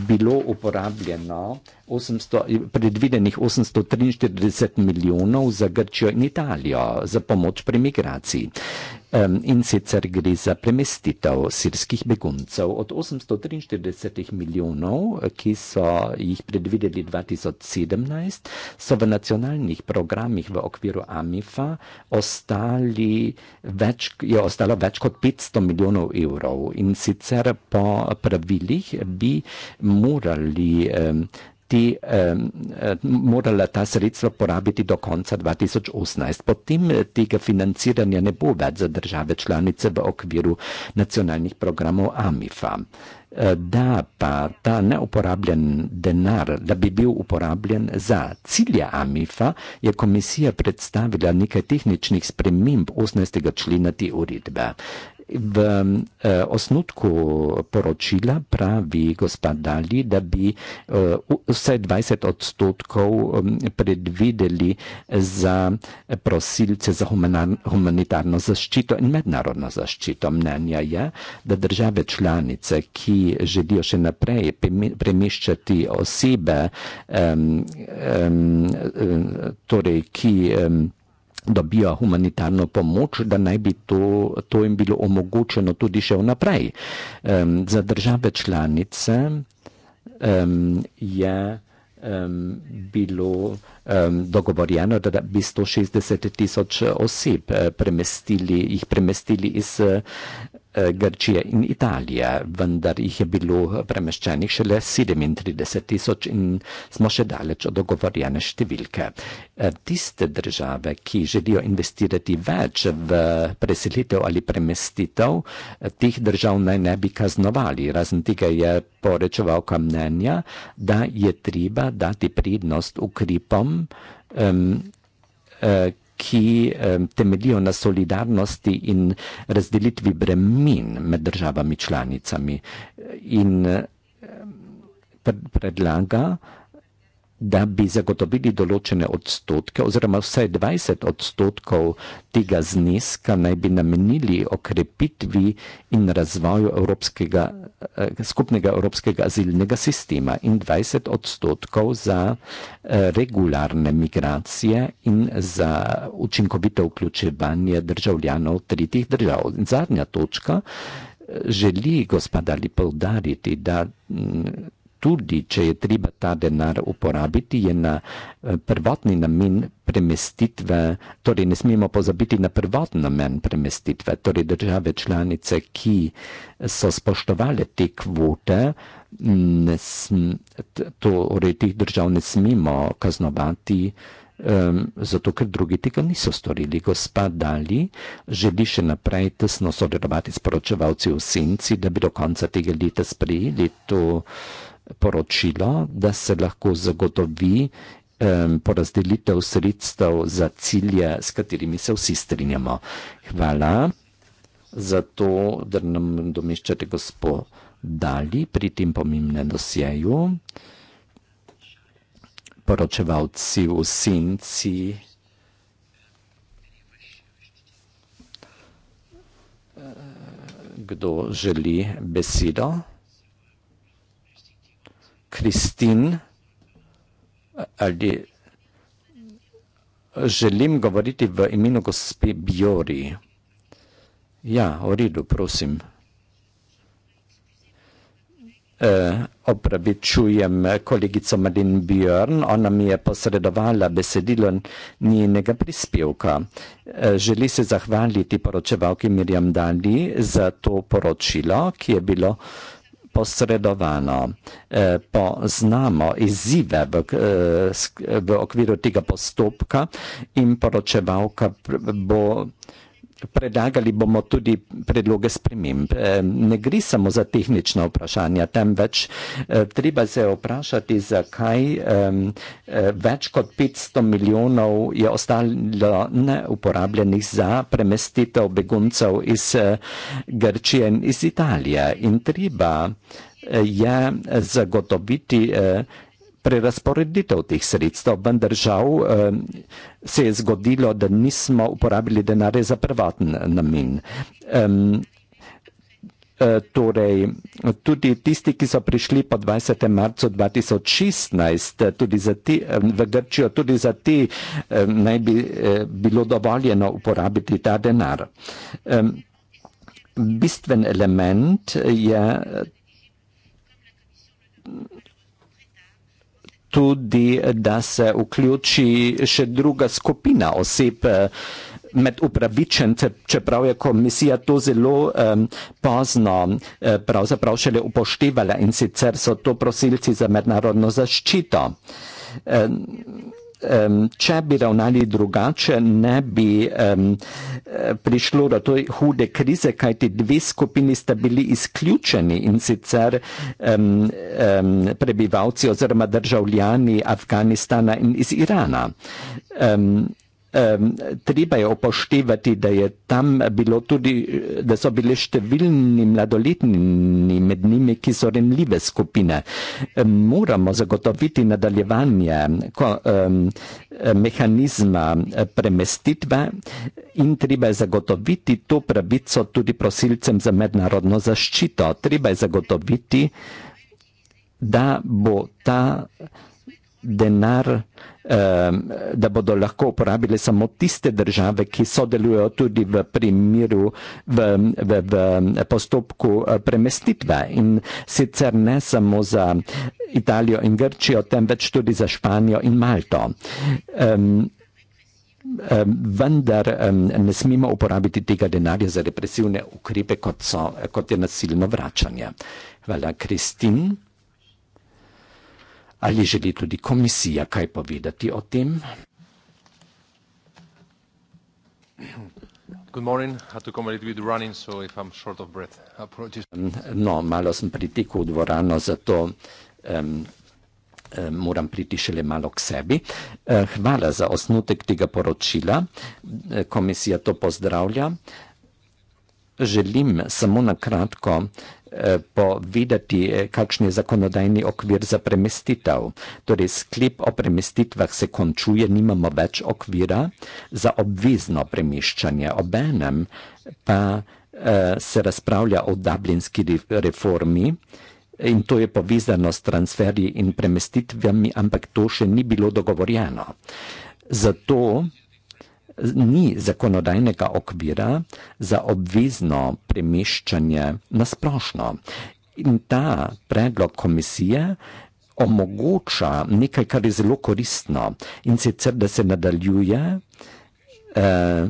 bilo uporabljeno 800, predvidenih 843 milijonov za Grčijo in Italijo za pomoč pri migraciji. In sicer gre za premestitev sirskih beguncev od 843 milijonov, ki so jih predvideli 2017, so v nacionalnih programih v okviru AMIFA ostali več, je ostalo več kot 500 milijonov evrov. In sicer po pravilih bi morali. Um, ti eh, morala ta sredstva porabiti do konca 2018. Potem eh, tega financiranja ne bo več za države članice v okviru nacionalnih programov AMIFA. Eh, da pa ta neuporabljen denar, da bi bil uporabljen za cilje AMIFA, je komisija predstavila nekaj tehničnih sprememb 18. člena te uredbe v eh, osnutku poročila pravi gospod Dali, da bi eh, vse 20 odstotkov predvideli za prosilce za humanitarno zaščito in mednarodno zaščito. Mnenja je, da države članice, ki želijo še naprej premeščati osebe, eh, eh, torej ki. Eh, dobijo humanitarno pomoč, da naj bi to, to jim bilo omogočeno tudi še vnaprej. Um, za države članice um, je um, bilo um, dogovorjeno, da bi 160 tisoč oseb eh, premestili, premestili iz uh, Eh, Grčije in Italije, vendar jih je bilo premeščenih šele 37 tisoč in smo še daleč od dogovorjene številke. Eh, tiste države, ki želijo investirati več v preselitev ali premestitev, eh, teh držav naj ne bi kaznovali. Razen tega je porečeval ka mnenja, da je treba dati prednost ukripom, um, uh, ki temeljijo na solidarnosti in razdelitvi bremin med državami članicami. In predlaga, da da bi zagotovili določene odstotke oziroma vsaj 20 odstotkov tega zneska naj bi namenili okrepitvi in razvoju evropskega, eh, skupnega evropskega azilnega sistema in 20 odstotkov za eh, regularne migracije in za učinkovito vključevanje državljanov tretjih držav. Zadnja točka eh, želi gospodari povdariti, da mm, tudi če je treba ta denar uporabiti, je na eh, prvotni namen premestitve, torej ne smemo pozabiti na prvotni namen premestitve, torej države članice, ki so spoštovali te kvote, torej teh držav ne smemo kaznovati. Ehm, zato, ker drugi tega niso storili. Gospa Dali želi še naprej tesno sodelovati s poročevalci v Senci, da bi do konca tega leta sprejeli to poročilo, da se lahko zagotovi um, porazdelitev sredstev za cilje, s katerimi se vsi strinjamo. Hvala za to, da nam domiščate gospod Dali pri tem pomembnem dosjeju. Poročevalci v Sinci. Kdo želi besedo? Kristin, ali želim govoriti v imenu gospe Bjori. Ja, v redu, prosim. Uh, opravičujem kolegico Marin Björn, ona mi je posredovala besedilo njenega prispevka. Uh, želi se zahvaliti poročevalki Mirjam Dali za to poročilo, ki je bilo uh, posredovano, eh, poznamo izzive v, eh, v okviru tega postopka in poročevalka bo. Predlagali bomo tudi predloge sprememb. Eh, ne gre samo za tehnična vprašanja, temveč eh, treba se vprašati, zakaj eh, več kot 500 milijonov je ostalo neuporabljenih za premestitev beguncev iz Grčije in iz Italije. In treba je zagotoviti prerasporeditev teh sredstev, vendar žal eh, se je zgodilo, da nismo uporabili denare za privaten namen. Eh, torej, tudi tisti, ki so prišli po 20. marcu 2016 eh, tudi za ti, v Grčijo, tudi za ti naj bi bilo dovoljeno uporabiti ta denar. Bistven element je tudi, da se vključi še druga skupina oseb eh, med upravičence, čeprav je komisija to zelo um, pozno eh, pravzaprav šele upoštevala in sicer so to prosilci za mednarodno zaščito. Um, um, če bi ravnali drugače, ne bi um, prišlo do te hude krize, kajti dve skupini sta bili izključeni in sicer um, um, prebivalci oziroma državljani Afganistana in iz Irana. Um, um, treba je upoštevati, da, je tudi, da so bile številni mladoletni med njimi, ki so remljive skupine. Um, moramo zagotoviti nadaljevanje ko, um, mehanizma eh, premestitve in treba je zagotoviti to pravico tudi prosilcem za mednarodno zaščito. Treba je zagotoviti, da bo ta denar, um, da bodo lahko uporabile samo tiste države, ki sodelujo tudi v primeru, v, v, v postopku eh, premestitve in sicer ne samo za Italijo in Grčijo, temveč tudi za Španijo in Malto. Um, vendar ne smemo uporabiti tega denarja za represivne ukrepe, kot, so, kot je nasilno vračanje. Hvala, Kristin. Ali želi tudi komisija kaj povedati o tem? No, malo sem pritekl v dvorano, zato um, um, moram priti šele malo k sebi. Uh, hvala za osnutek tega poročila. Eh, komisija to pozdravlja. Želim samo na kratko uh, Eh, povedati, eh, kakšen je zakonodajni okvir za premestitev. Torej, sklep o premestitvah se končuje, nimamo več okvira za obvezno premeščanje. Obenem pa eh, se razpravlja o dublinski reformi in to je povezano s transferji in premestitvami, ampak to še ni bilo dogovorjeno. Zato ni zakonodajnega okvira za obvezno premeščanje na splošno. In ta predlog komisije omogoča nekaj, kar je zelo koristno in sicer, da se nadaljuje eh,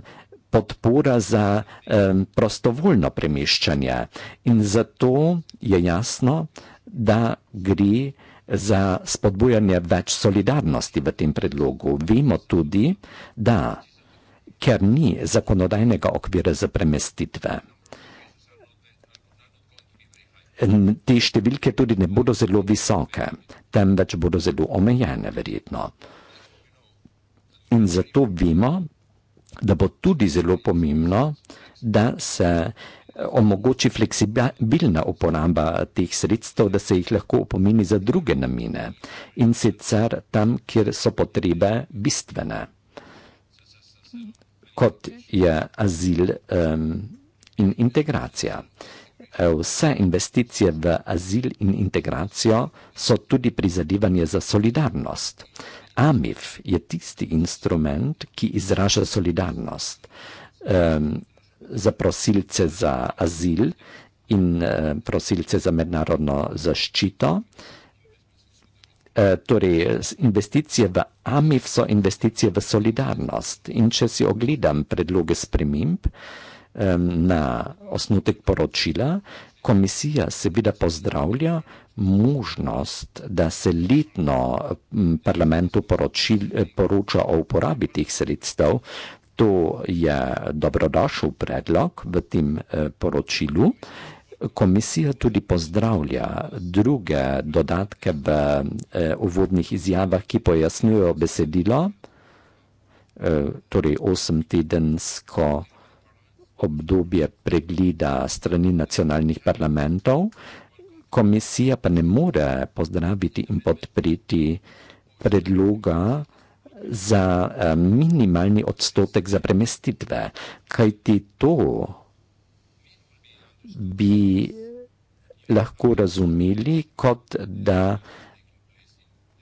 podpora za eh, prostovoljno premeščanje. In zato je jasno, da gre za spodbujanje več solidarnosti v tem predlogu. Vemo tudi, da ker ni zakonodajnega okvira za premestitve. Te številke tudi ne bodo zelo visoke, temveč bodo zelo omejene, verjetno. In zato vemo, da bo tudi zelo pomembno, da se eh, omogoči fleksibilna uporaba teh sredstev, da se jih lahko upomeni za druge namene in sicer tam, kjer so potrebe bistvene kot je azil um, in integracija. E, vse investicije v azil in integracijo so tudi prizadevanje za solidarnost. AMIF je tisti instrument, ki izraža solidarnost um, za prosilce za azil in uh, prosilce za mednarodno zaščito. Uh, Eh, torej investicije v AMIF so investicije v solidarnost. In če si ogledam predloge sprememb na osnutek poročila, komisija seveda pozdravlja možnost, da se letno parlamentu poročil, eh, poroča o uporabi teh sredstev. To je dobrodošel predlog v tem eh, poročilu. Komisija tudi pozdravlja druge dodatke v eh, uvodnih izjavah, ki pojasnjujejo besedilo, eh, torej osemtedensko obdobje pregleda strani nacionalnih parlamentov. Komisija pa ne more pozdraviti in podpreti predloga za eh, minimalni odstotek za premestitve, kajti to bi lahko razumeli kot da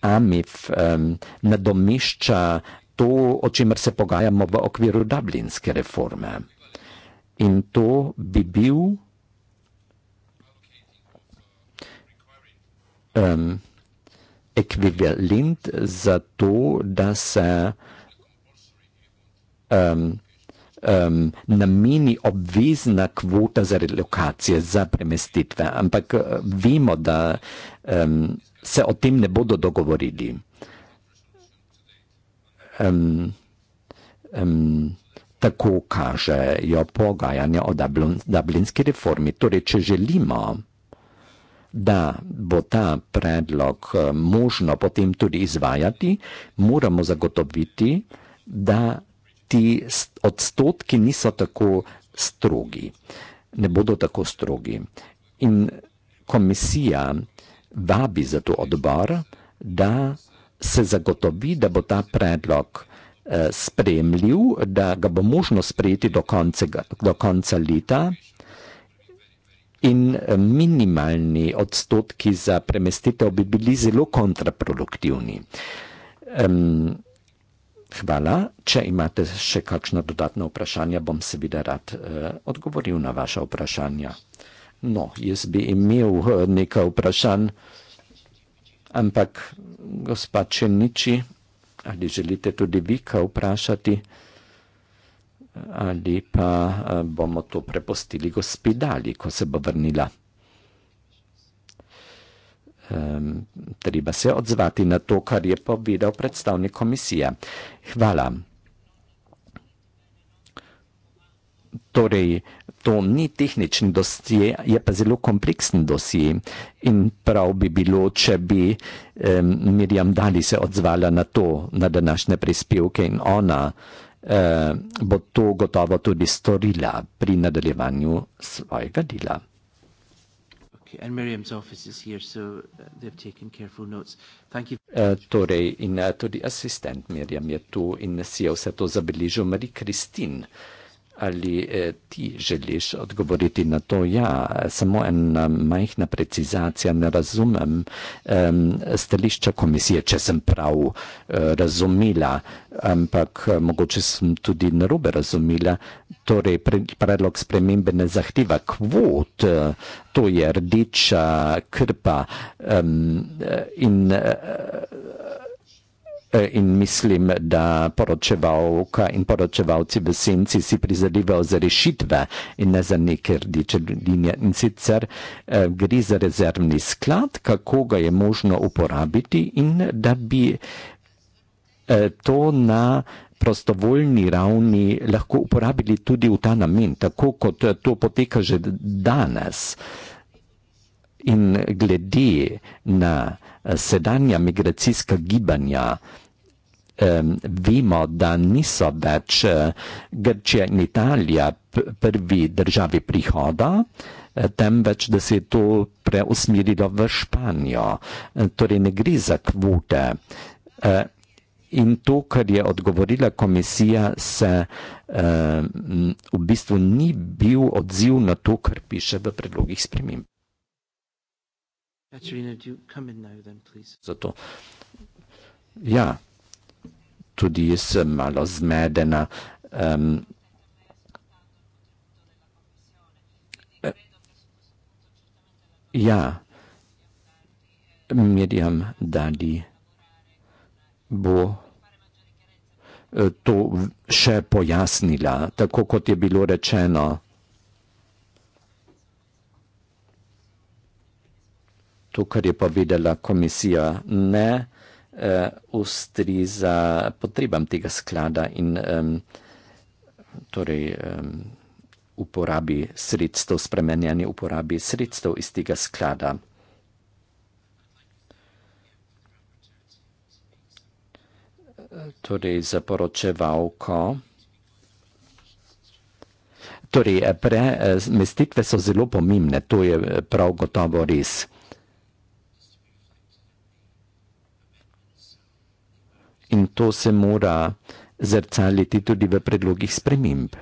AMIF um, nadomešča to, o čemer se pogajamo v okviru dublinske reforme. In to bi bil um, ekvivalent za to, da se um, um, nameni obvezna kvota za relokacije, za premestitve, ampak uh, vemo, da um, se o tem ne bodo dogovorili. Um, um, tako kažejo pogajanja o Dublin, dublinski reformi. Torej, če želimo, da bo ta predlog uh, možno potem tudi izvajati, moramo zagotoviti, da ti odstotki niso tako strogi, ne bodo tako strogi. In komisija vabi za to odbor, da se zagotovi, da bo ta predlog eh, spremljiv, da ga bo možno sprejeti do konca, do konca leta in eh, minimalni odstotki za premestitev bi bili zelo kontraproduktivni. Um, Hvala. Če imate še kakšno dodatno vprašanje, bom seveda rad eh, odgovoril na vaše vprašanje. No, jaz bi imel eh, nekaj vprašanj, ampak gospa Čeniči, ali želite tudi vi kaj vprašati, ali pa eh, bomo to prepustili gospodali, ko se bo vrnila um, treba se odzvati na to, kar je povedal predstavnik komisije. Hvala. Torej, to ni tehnični dosje, je pa zelo kompleksen dosje in prav bi bilo, če bi um, Mirjam Dali se odzvala na to, na današnje prispevke in ona um, bo to gotovo tudi storila pri nadaljevanju svojega dela. Okay, and Miriam's office is here, so uh, they've taken careful notes. Thank you. Uh, torej, in uh, tudi asistent Miriam je tu in si je vse to zabeležil, Marie Christine. Ali eh, ti želiš odgovoriti na to? Ja, samo ena majhna precizacija. Ne razumem um, stališča komisije, če sem prav uh, razumela, ampak eh, mogoče sem tudi narobe razumela. Torej, predlog spremembe ne zahteva kvot, to je rdeča krpa um, in. Uh, Eh, in mislim, da poročevalka in poročevalci v senci si prizadevajo za rešitve in ne za neke rdeče linije. In sicer eh, gre za rezervni sklad, kako ga je možno uporabiti in da bi eh, to na prostovoljni ravni lahko uporabili tudi v ta namen, tako kot to poteka že danes. In glede na sedanja migracijska gibanja, um, vemo, da niso več eh, Grčija in Italija prvi državi prihoda, eh, temveč da se je to preusmerilo v Španijo. Eh, torej ne gre za kvote. In to, kar je odgovorila komisija, se v bistvu ni bil odziv na to, kar piše v predlogih spremim. Katerina, do you come in now then, please? Zato. Ja. Yeah tudi jaz sem malo zmedena. Um, ja, Mirjam Dadi bo eh, to še pojasnila, tako kot je bilo rečeno. To, kar je povedala komisija, ne uh, eh, ustriza potrebam tega sklada in um, torej, um, uporabi sredstev, spremenjanje uporabi sredstev iz tega sklada. Torej, za poročevalko. Torej, eh, premestitve eh, so zelo pomembne, to je prav gotovo res. in to se mora zrcaliti tudi v predlogih sprememb.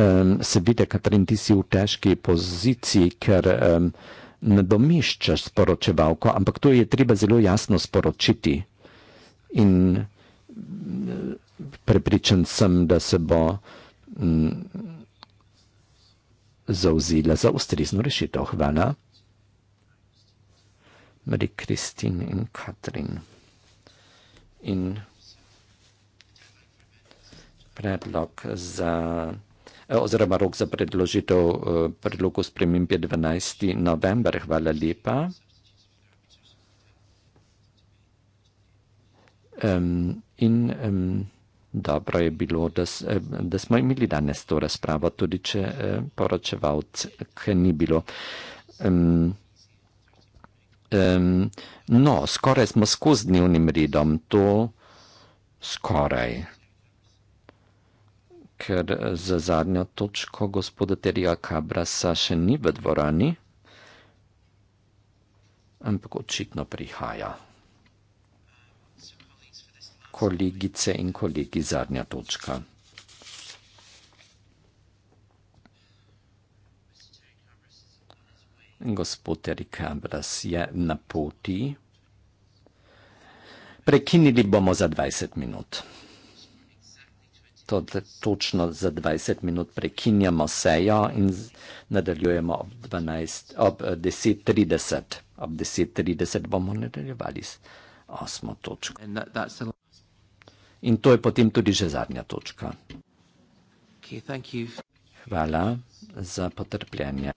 Um, Seveda, Katrin, ti si v težki poziciji, ker um, nadomeščaš sporočevalko, ampak to je treba zelo jasno sporočiti. In prepričan sem, da se bo um, mm, zauzela za ustrezno rešitev. Hvala med Kristin in Katrin. In predlog za eh, oziroma rok za predložitev eh, predlogu spremembe 12. november, hvala lepa. Um, in um, dobro je bilo, da, eh, da smo imeli danes to razpravo, tudi če uh, poročevalc ni bilo. Um, Um, no, skoraj smo skozi dnevnim redom, to skoraj. Ker za zadnjo točko gospoda Terija Kabrasa še ni v dvorani, ampak očitno prihaja. Kolegice in kolegi, zadnja točka. gospod Erik Abras je na poti. Prekinili bomo za 20 minut. Tod, točno za 20 minut prekinjamo sejo in nadaljujemo ob, ob 10.30. Ob 10.30 bomo nadaljevali s 8. točko. In to je potem tudi že zadnja točka. Hvala za potrpljenje.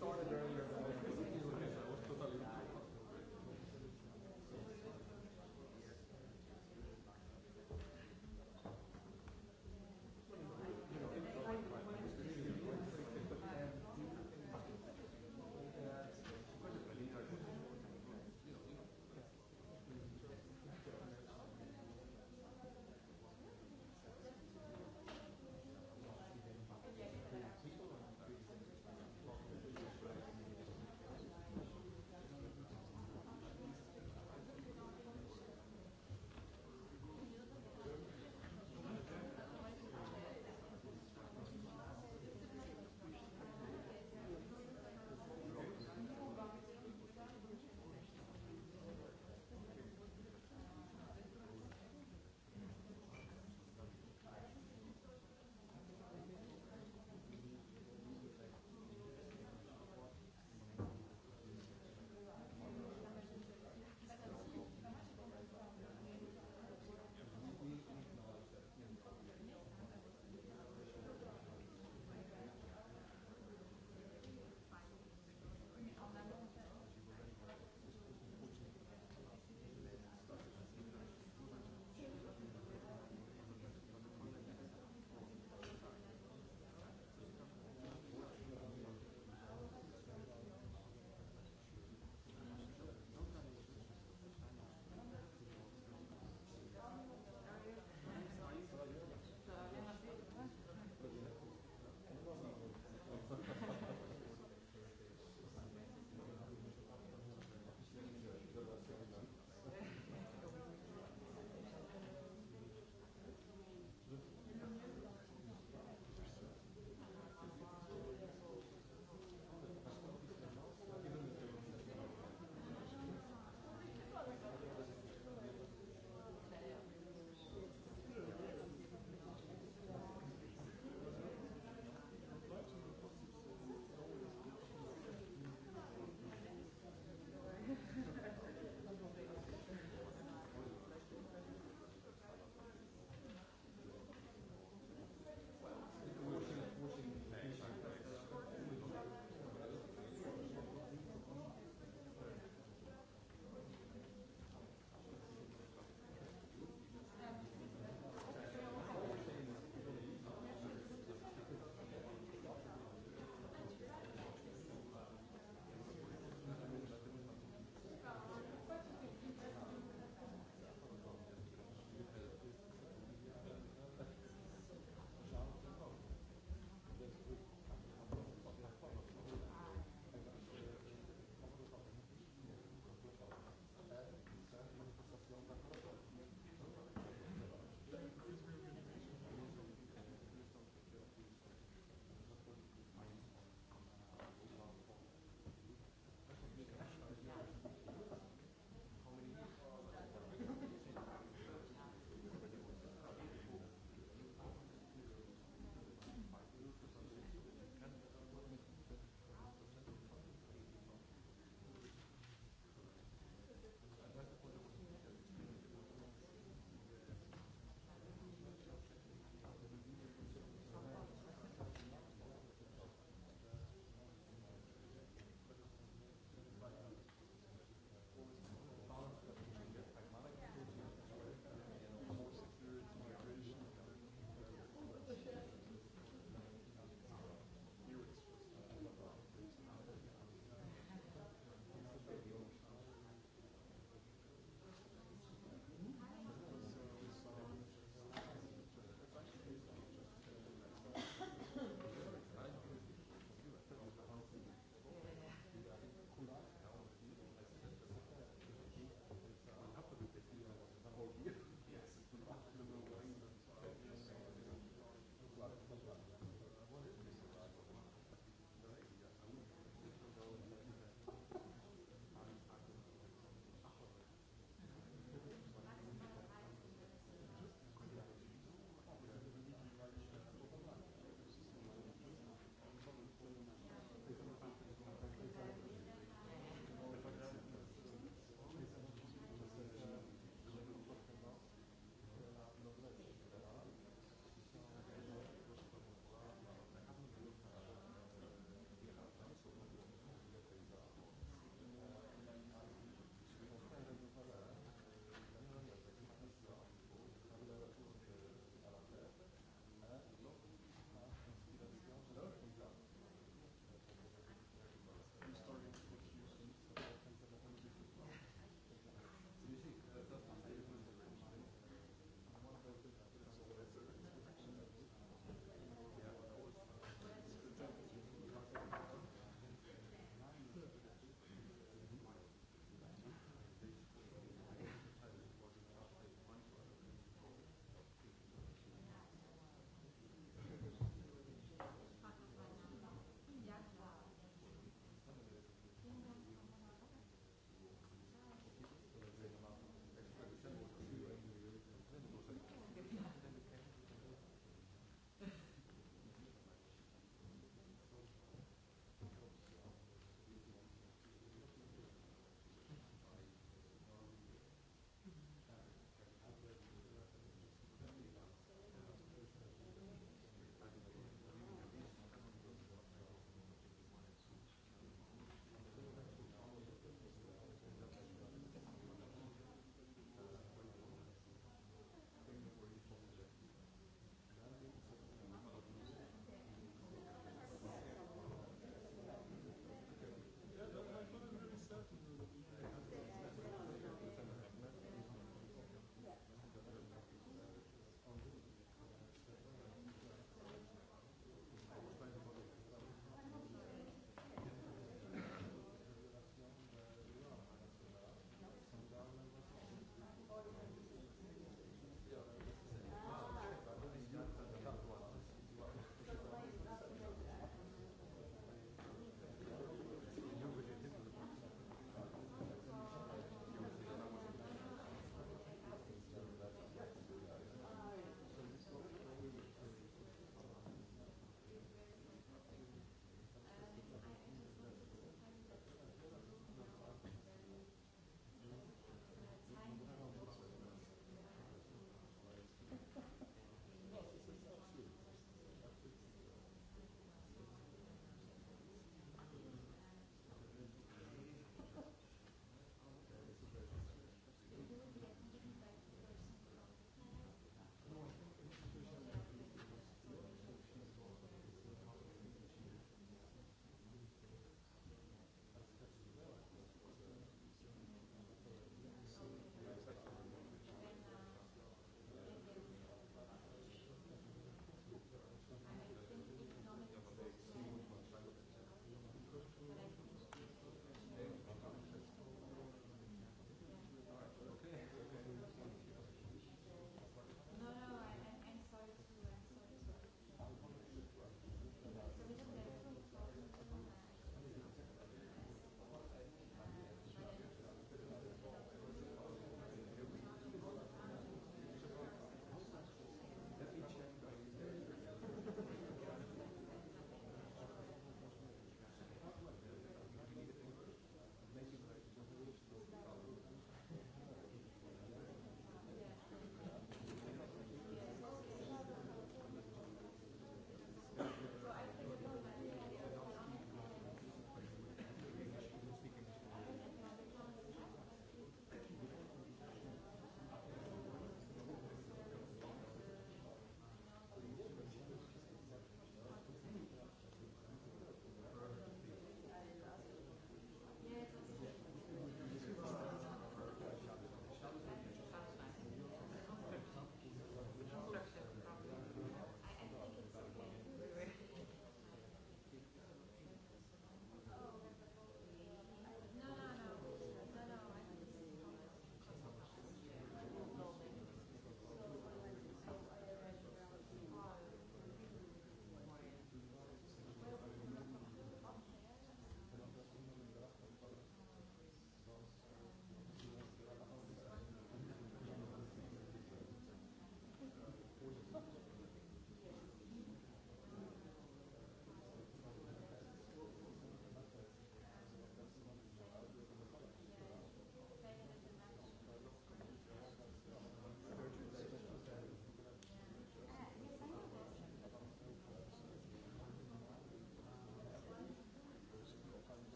started earlier.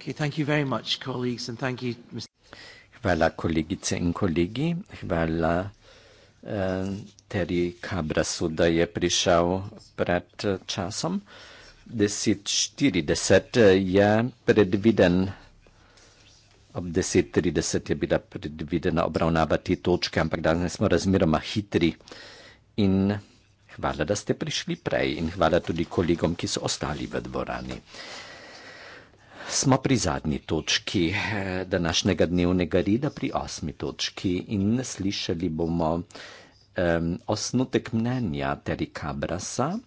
Hvala kolegice in kolegi, hvala uh, Terry Cabrasu, da je prišel pred časom. 10.40 eh, je predviden, ob 10.30 je bila predvidena obravnava te točke, ampak danes smo razmeroma hitri in hvala, da ste prišli prej in hvala tudi kolegom, ki so ostali v dvorani smo pri zadnji točki eh, današnjega dnevnega reda, pri osmi točki in slišali bomo um, osnutek mnenja Terika Brasa. Um,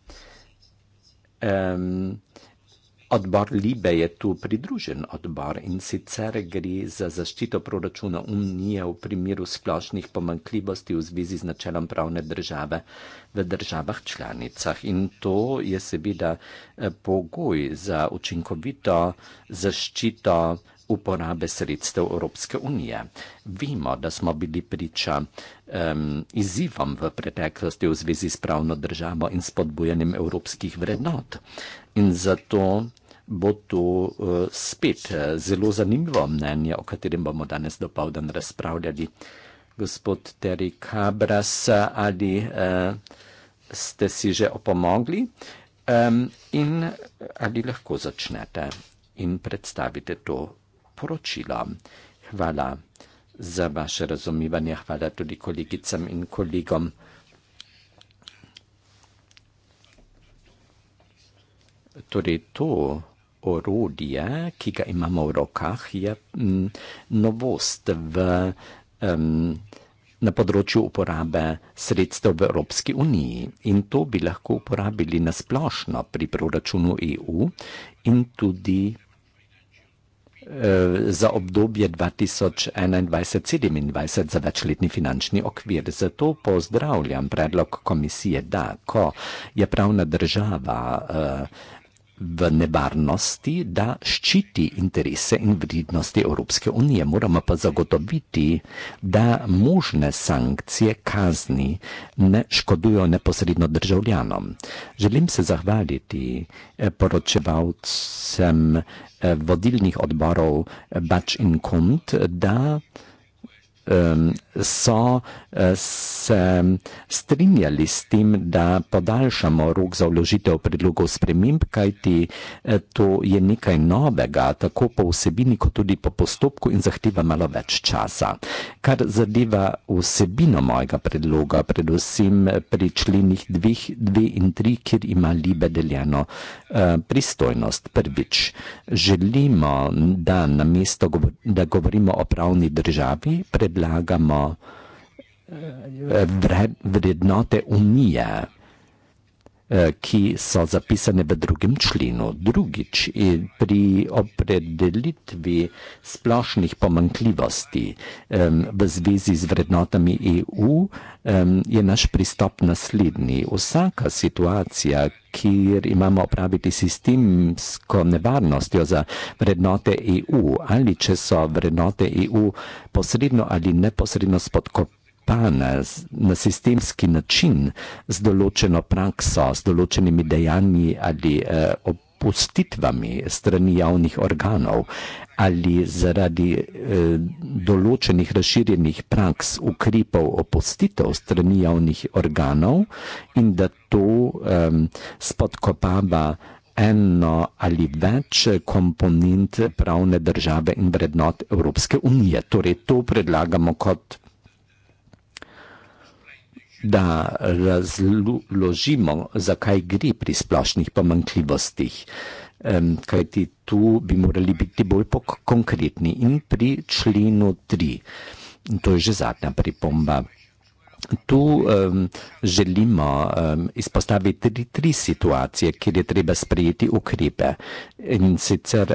Odbor Libe je tu pridružen odbor in sicer gre za zaščito proračuna Unije v primeru splošnih pomankljivosti v zvezi z načelom pravne države v državah članicah. In to je seveda eh, pogoj za učinkovito zaščito uporabe sredstev Evropske unije. Vemo, da smo bili priča um, izzivom v preteklosti v zvezi s pravno državo in spodbujanjem evropskih vrednot. In zato bo to uh, spet eh, zelo zanimivo mnenje, o katerem bomo danes dopoldan razpravljali. Gospod Terry Cabras, ali uh, ste si že opomogli um, in ali lahko začnete in predstavite to poročilo. Hvala za vaše razumivanje, hvala tudi kolegicam in kolegom. Torej to orodje, ki ga imamo v rokah, je m, mm, novost v, m, na področju uporabe sredstev v Evropski uniji. In to bi lahko uporabili nasplošno pri proračunu EU in tudi eh, za obdobje 2021-2027 za večletni finančni okvir. Zato pozdravljam predlog komisije, da ko je pravna država uh, v nevarnosti, da ščiti interese in vrednosti Evropske unije. Moramo pa zagotoviti, da možne sankcije, kazni ne škodujo neposredno državljanom. Želim se zahvaliti eh, poročevalcem eh, vodilnih odborov eh, Bač in Kunt, da um, so eh, se strinjali s tem, da podaljšamo rok za vložitev predlogov sprememb, kajti eh, to je nekaj novega, tako po vsebini, kot tudi po postopku in zahteva malo več časa. Kar zadeva vsebino mojega predloga, predvsem eh, pri členih 2 in 3, kjer ima Libe deljeno uh, pristojnost. Prvič, želimo, da namesto, da govorimo o pravni državi, predlagamo eh, vre, vrednote unije. Eh, ki so zapisane v drugem členu. Drugič, eh, pri opredelitvi splošnih pomankljivosti v zvezi z vrednotami EU je naš pristop naslednji. Vsaka situacija, kjer imamo opraviti sistemsko nevarnostjo za vrednote EU ali če so vrednote EU posredno ali neposredno spodkopljene, pa na, na sistemski način, z določeno prakso, z določenimi dejanji ali eh, opustitvami strani javnih organov ali zaradi eh, določenih razširjenih praks, ukrepov, opustitev strani javnih organov in da to eh, spodkopava eno ali več komponent pravne države in vrednot Evropske unije. Torej, to predlagamo kot da razložimo, zakaj gre pri splošnih pomankljivostih. Kaj ti tu bi morali biti bolj konkretni in pri členu 3. To je že zadnja pripomba. Tu um, želimo um, izpostaviti tri, tri situacije, kjer je treba sprejeti ukrepe. In sicer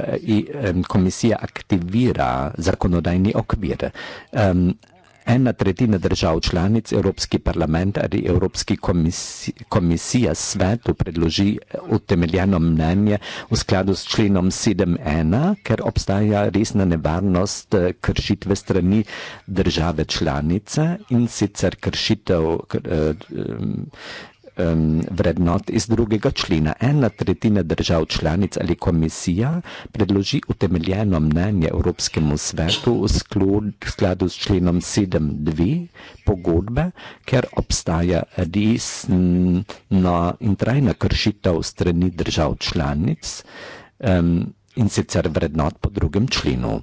um, komisija aktivira zakonodajni okvir. Um, ena tretjina držav članic, Evropski parlament ali Evropski komisija, komisija svetu predloži eh, utemeljeno mnenje v skladu s členom 7.1, ker obstaja resna nevarnost eh, kršitve strani države članice in sicer kršitev. Kr, eh, um, vrednot iz drugega člena. Ena tretjina držav članic ali komisija predloži utemeljeno mnenje Evropskemu svetu v skladu s členom 7.2 pogodbe, ker obstaja resna in trajna kršitev strani držav članic um, in sicer vrednot po drugem členu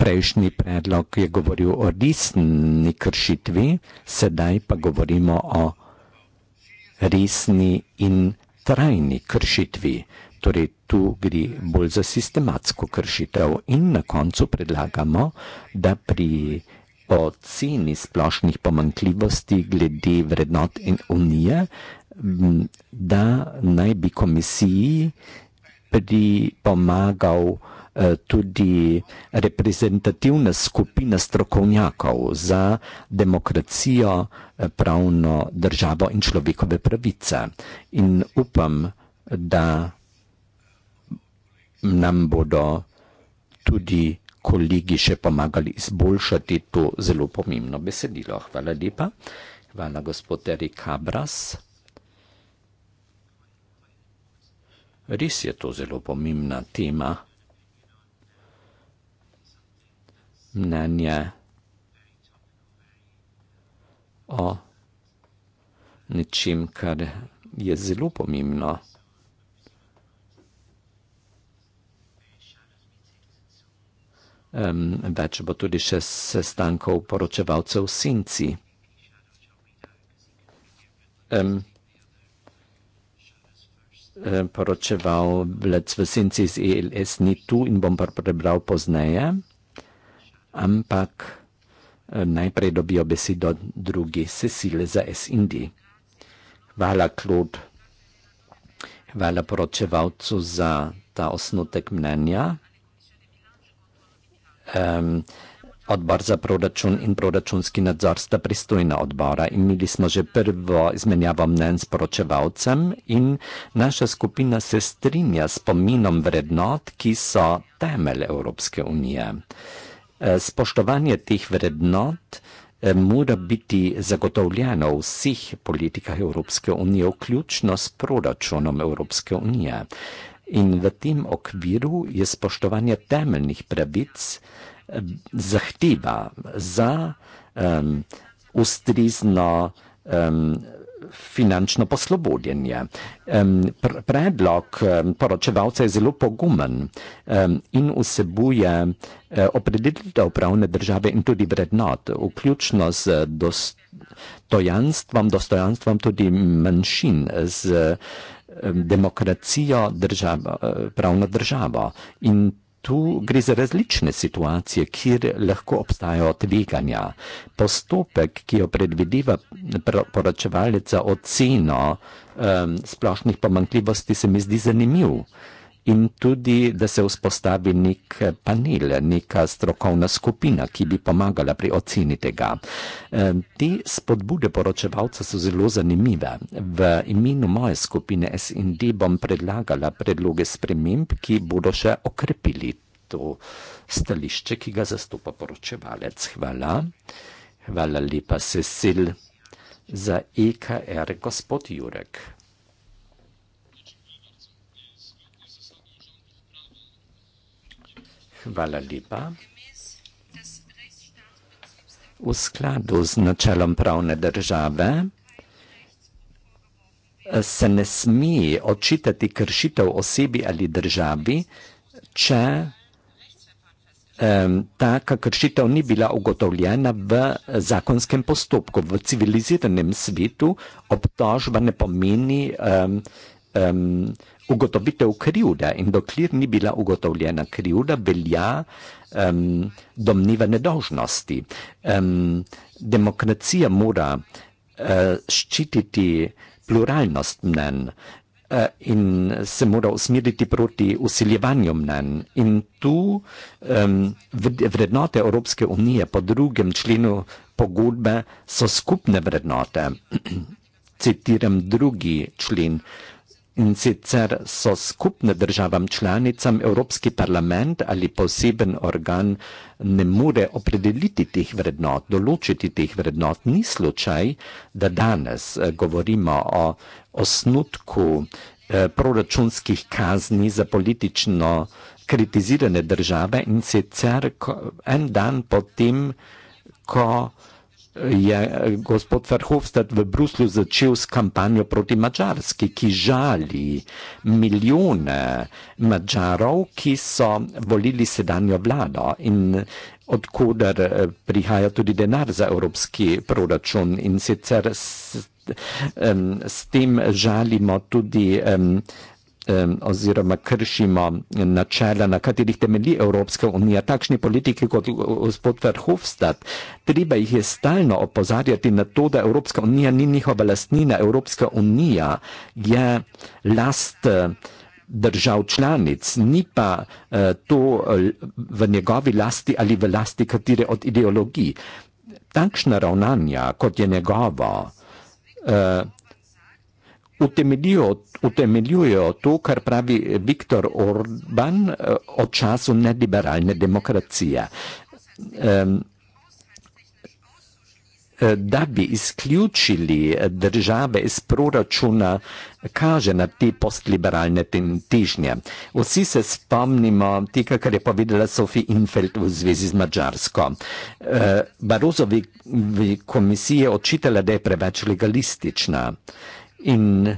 prejšnji predlog je govoril o resni kršitvi, sedaj pa govorimo o resni in trajni kršitvi. Torej, tu gre bolj za sistematsko kršitev in na koncu predlagamo, da pri oceni splošnih pomankljivosti glede vrednot in unije, da naj bi komisiji pripomagal, Eh, tudi reprezentativna skupina strokovnjakov za demokracijo, eh, pravno državo in človekove pravice. In upam, da nam bodo tudi kolegi še pomagali izboljšati to zelo pomembno besedilo. Hvala lepa. Hvala, gospod Erik Kabras. Res je to zelo pomembna tema. mnenje o nečem, kar je zelo pomembno. več bo tudi še sestankov poročevalcev v senci. poročevalec v senci iz ELS ni tu in bom pa prebral pozneje ampak eh, najprej dobijo besedo druge sesile za SND. Hvala, Klod. Hvala poročevalcu za ta osnotek mnenja. Um, odbor za proračun in proračunski nadzor sta pristojna odbora. Imeli smo že prvo izmenjavo mnen s poročevalcem in naša skupina se strinja s pominom vrednot, ki so temelj Evropske unije. Uh, Eh, spoštovanje teh vrednot eh, mora biti zagotovljeno v vseh politikah Evropske unije, vključno s proračunom Evropske unije. In v tem okviru je spoštovanje temeljnih pravic eh, zahteva za um, ustrezno um, finančno poslobodjenje. Predlog poročevalca je zelo pogumen in vsebuje eh, opredelitev pravne države in tudi vrednot, vključno z dostojanstvom, dostojanstvom tudi manjšin, z demokracijo državo, eh, pravno državo. In Tu gre za različne situacije, kjer lahko obstajajo tveganja. Postopek, ki jo predvideva poročevalec za oceno um, splošnih pomankljivosti, se mi zdi zanimiv in tudi, da se vzpostavi nek eh, panel, neka strokovna skupina, ki bi pomagala pri oceni tega. Eh, te spodbude poročevalca so zelo zanimive. V imenu moje skupine SND bom predlagala predloge sprememb, ki bodo še okrepili to stališče, ki ga zastopa poročevalec. Hvala. Hvala lepa, Cecil, za EKR, gospod Jurek. Hvala lepa. V skladu z načelom pravne države se ne smi očitati kršitev osebi ali državi, če taka kršitev ni bila ugotovljena v zakonskem postopku. V civiliziranem svetu obtožba ne pomeni ugotovitev krivda in dokler ni bila ugotovljena krivda, velja um, domniva nedožnosti. Um, demokracija mora uh, ščititi pluralnost mnen uh, eh, in se mora usmiriti proti usiljevanju mnen. In tu um, vrednote Evropske unije po drugem členu pogodbe so skupne vrednote. Citiram drugi člen. In sicer so skupne državam članicam Evropski parlament ali poseben organ ne more opredeliti teh vrednot, določiti teh vrednot. Ni slučaj, da danes eh, govorimo o osnutku eh, proračunskih kazni za politično kritizirane države in sicer en dan potem, ko je eh, gospod Verhofstadt v Bruslju začel s kampanjo proti Mačarski, ki žali milijone Mačarov, ki so volili sedanjo vlado in odkuder eh, prihaja tudi denar za evropski proračun in sicer s, s tem žalimo tudi. Um, oziroma kršimo načela, na katerih temelji Evropska unija, takšni politiki kot gospod Verhofstadt. Treba jih je stalno opozarjati na to, da Evropska unija ni njihova lastnina. Evropska unija je last eh, držav članic, ni pa eh, to eh, v njegovi lasti ali v lasti katere od ideologij. Takšna ravnanja, kot je njegovo, utemeljijo, utemeljujo to, kar pravi eh, Viktor Orban eh, o času neliberalne demokracije. Um, da bi izključili države iz proračuna, kaže na te postliberalne težnje. Vsi se spomnimo tega, kar je povedala Sophie Infeld v zvezi z Mačarsko. Barozovi komisije očitala, da je preveč legalistična in eh,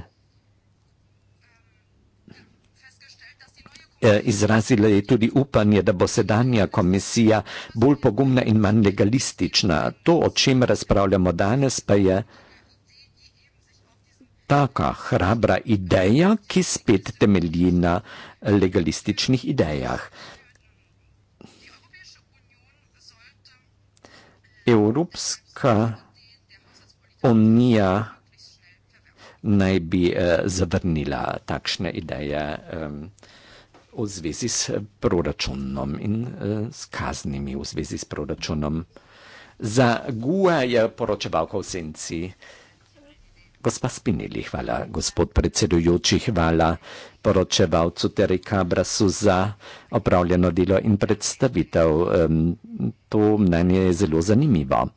Izrazila je tudi upanje, da bo sedanja komisija bolj pogumna in manj legalistična. To, o čem razpravljamo danes, pa je taka hrabra ideja, ki spet temelji na legalističnih idejah. Evropska unija naj bi eh, zavrnila takšne ideje eh, v zvezi s proračunom in eh, s kaznimi v zvezi s proračunom. Za GUE je poročevalka v senci. Gospa Spinelli, hvala, gospod predsedujoči, hvala poročevalcu Terika Brasu za opravljeno delo in predstavitev. To mnenje je zelo zanimivo.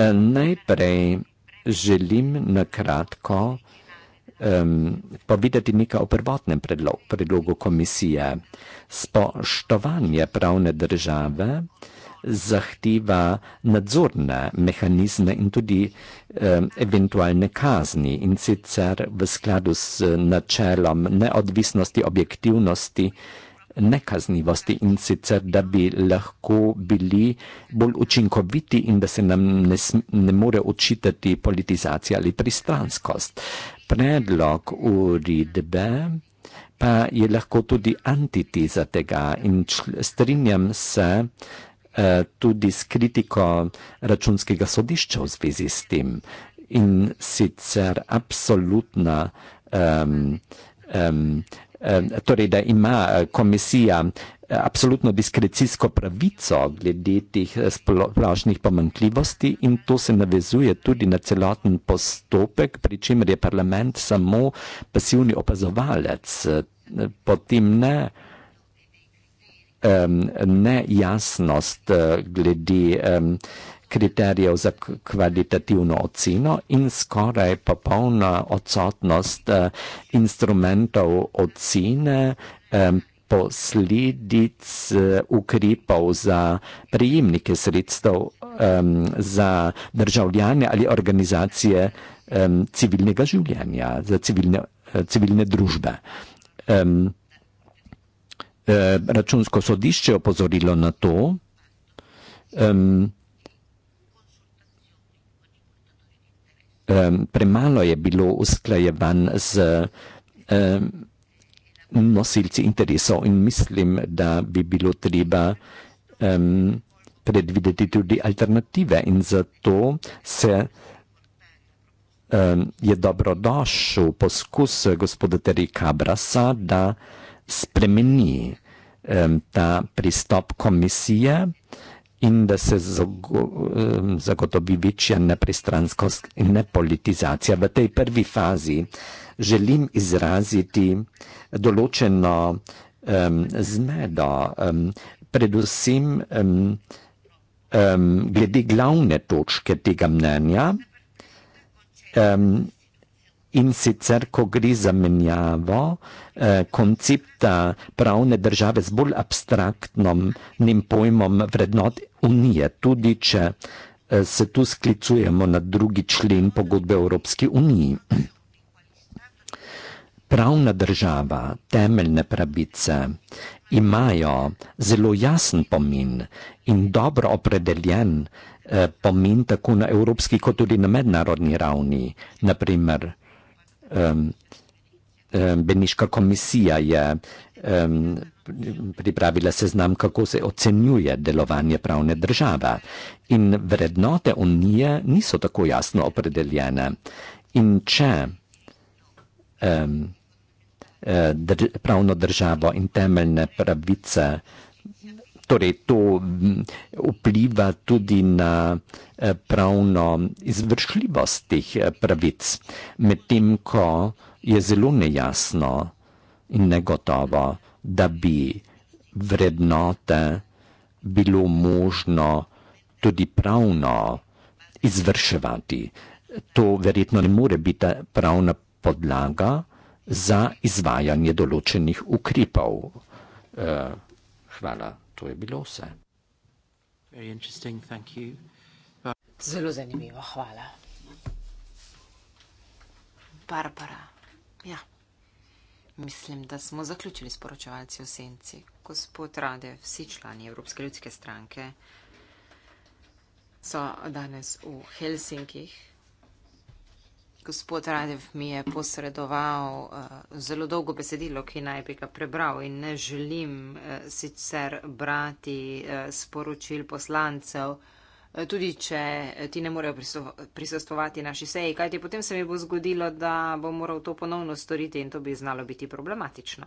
Eh, najprej želim na kratko um, povedati nekaj o prvotnem predlog, predlogu komisije. Spoštovanje pravne države zahteva nadzorne mehanizme in tudi um, eventualne kazni in sicer v skladu s načelom neodvisnosti, objektivnosti, uh, nekaznivosti in sicer, da bi lahko bili bolj učinkoviti in da se nam ne, ne more očitati politizacija ali pristranskost. Predlog uredbe pa je lahko tudi antitiza tega in strinjam se eh, tudi s kritiko računskega sodišča v zvezi s tem. In sicer absolutna um, um, torej da ima eh, komisija eh, absolutno diskrecijsko pravico glede teh eh, splošnih pomankljivosti in to se navezuje tudi na celoten postopek, pri čemer je parlament samo pasivni opazovalec, potem ne nejasnost glede kriterijev za kvalitativno oceno in skoraj popolna odsotnost eh, instrumentov ocene eh, posledic eh, ukrepov za prejemnike sredstev, za državljane ali organizacije civilnega življenja, za civilne, civilne družbe. Računsko sodišče je opozorilo na to, um, premalo je bilo usklajevan z um, nosilci interesov in mislim, da bi bilo treba um, predvideti tudi alternative in zato se um, je dobro došel poskus gospoda Terry Cabrasa, da spremeni um, ta pristop komisije in da se zagotovi večja nepristranskost in nepolitizacija. V tej prvi fazi želim izraziti določeno um, zmedo, um, predvsem um, um, glede glavne točke tega mnenja. Um, in sicer, ko gre za menjavo eh, koncepta pravne države z bolj abstraktnim pojmom vrednot unije, tudi če eh, se tu sklicujemo na drugi člen pogodbe Evropske unije. Pravna država, temeljne pravice imajo zelo jasen pomen in dobro opredeljen eh, pomen tako na evropski kot tudi na mednarodni ravni. Naprimer, um, ehm, um, ehm, beniška komisija je um, pripravila seznam, kako se ocenjuje delovanje pravne države. In vrednote unije niso tako jasno opredeljene. In če um, eh, dr, pravno državo in temeljne pravice torej to mm, vpliva tudi na eh, pravno izvršljivost teh eh, pravic, medtem ko je zelo nejasno in negotovo, da bi vrednote bilo možno tudi pravno izvrševati. To verjetno ne more biti pravna podlaga za izvajanje določenih ukrepov. Eh, hvala to je bilo vse. Zelo zanimivo, hvala. Barbara, ja, mislim, da smo zaključili s poročevalci v senci. Gospod Rade, vsi člani Evropske ljudske stranke so danes v Helsinkih gospod Radev mi je posredoval uh, zelo dolgo besedilo, ki naj bi ga prebral in ne želim uh, sicer brati uh, sporočil poslancev, uh, tudi če uh, ti ne morejo prisostovati naši seji, kajti potem se mi bo zgodilo, da bom moral to ponovno storiti in to bi znalo biti problematično.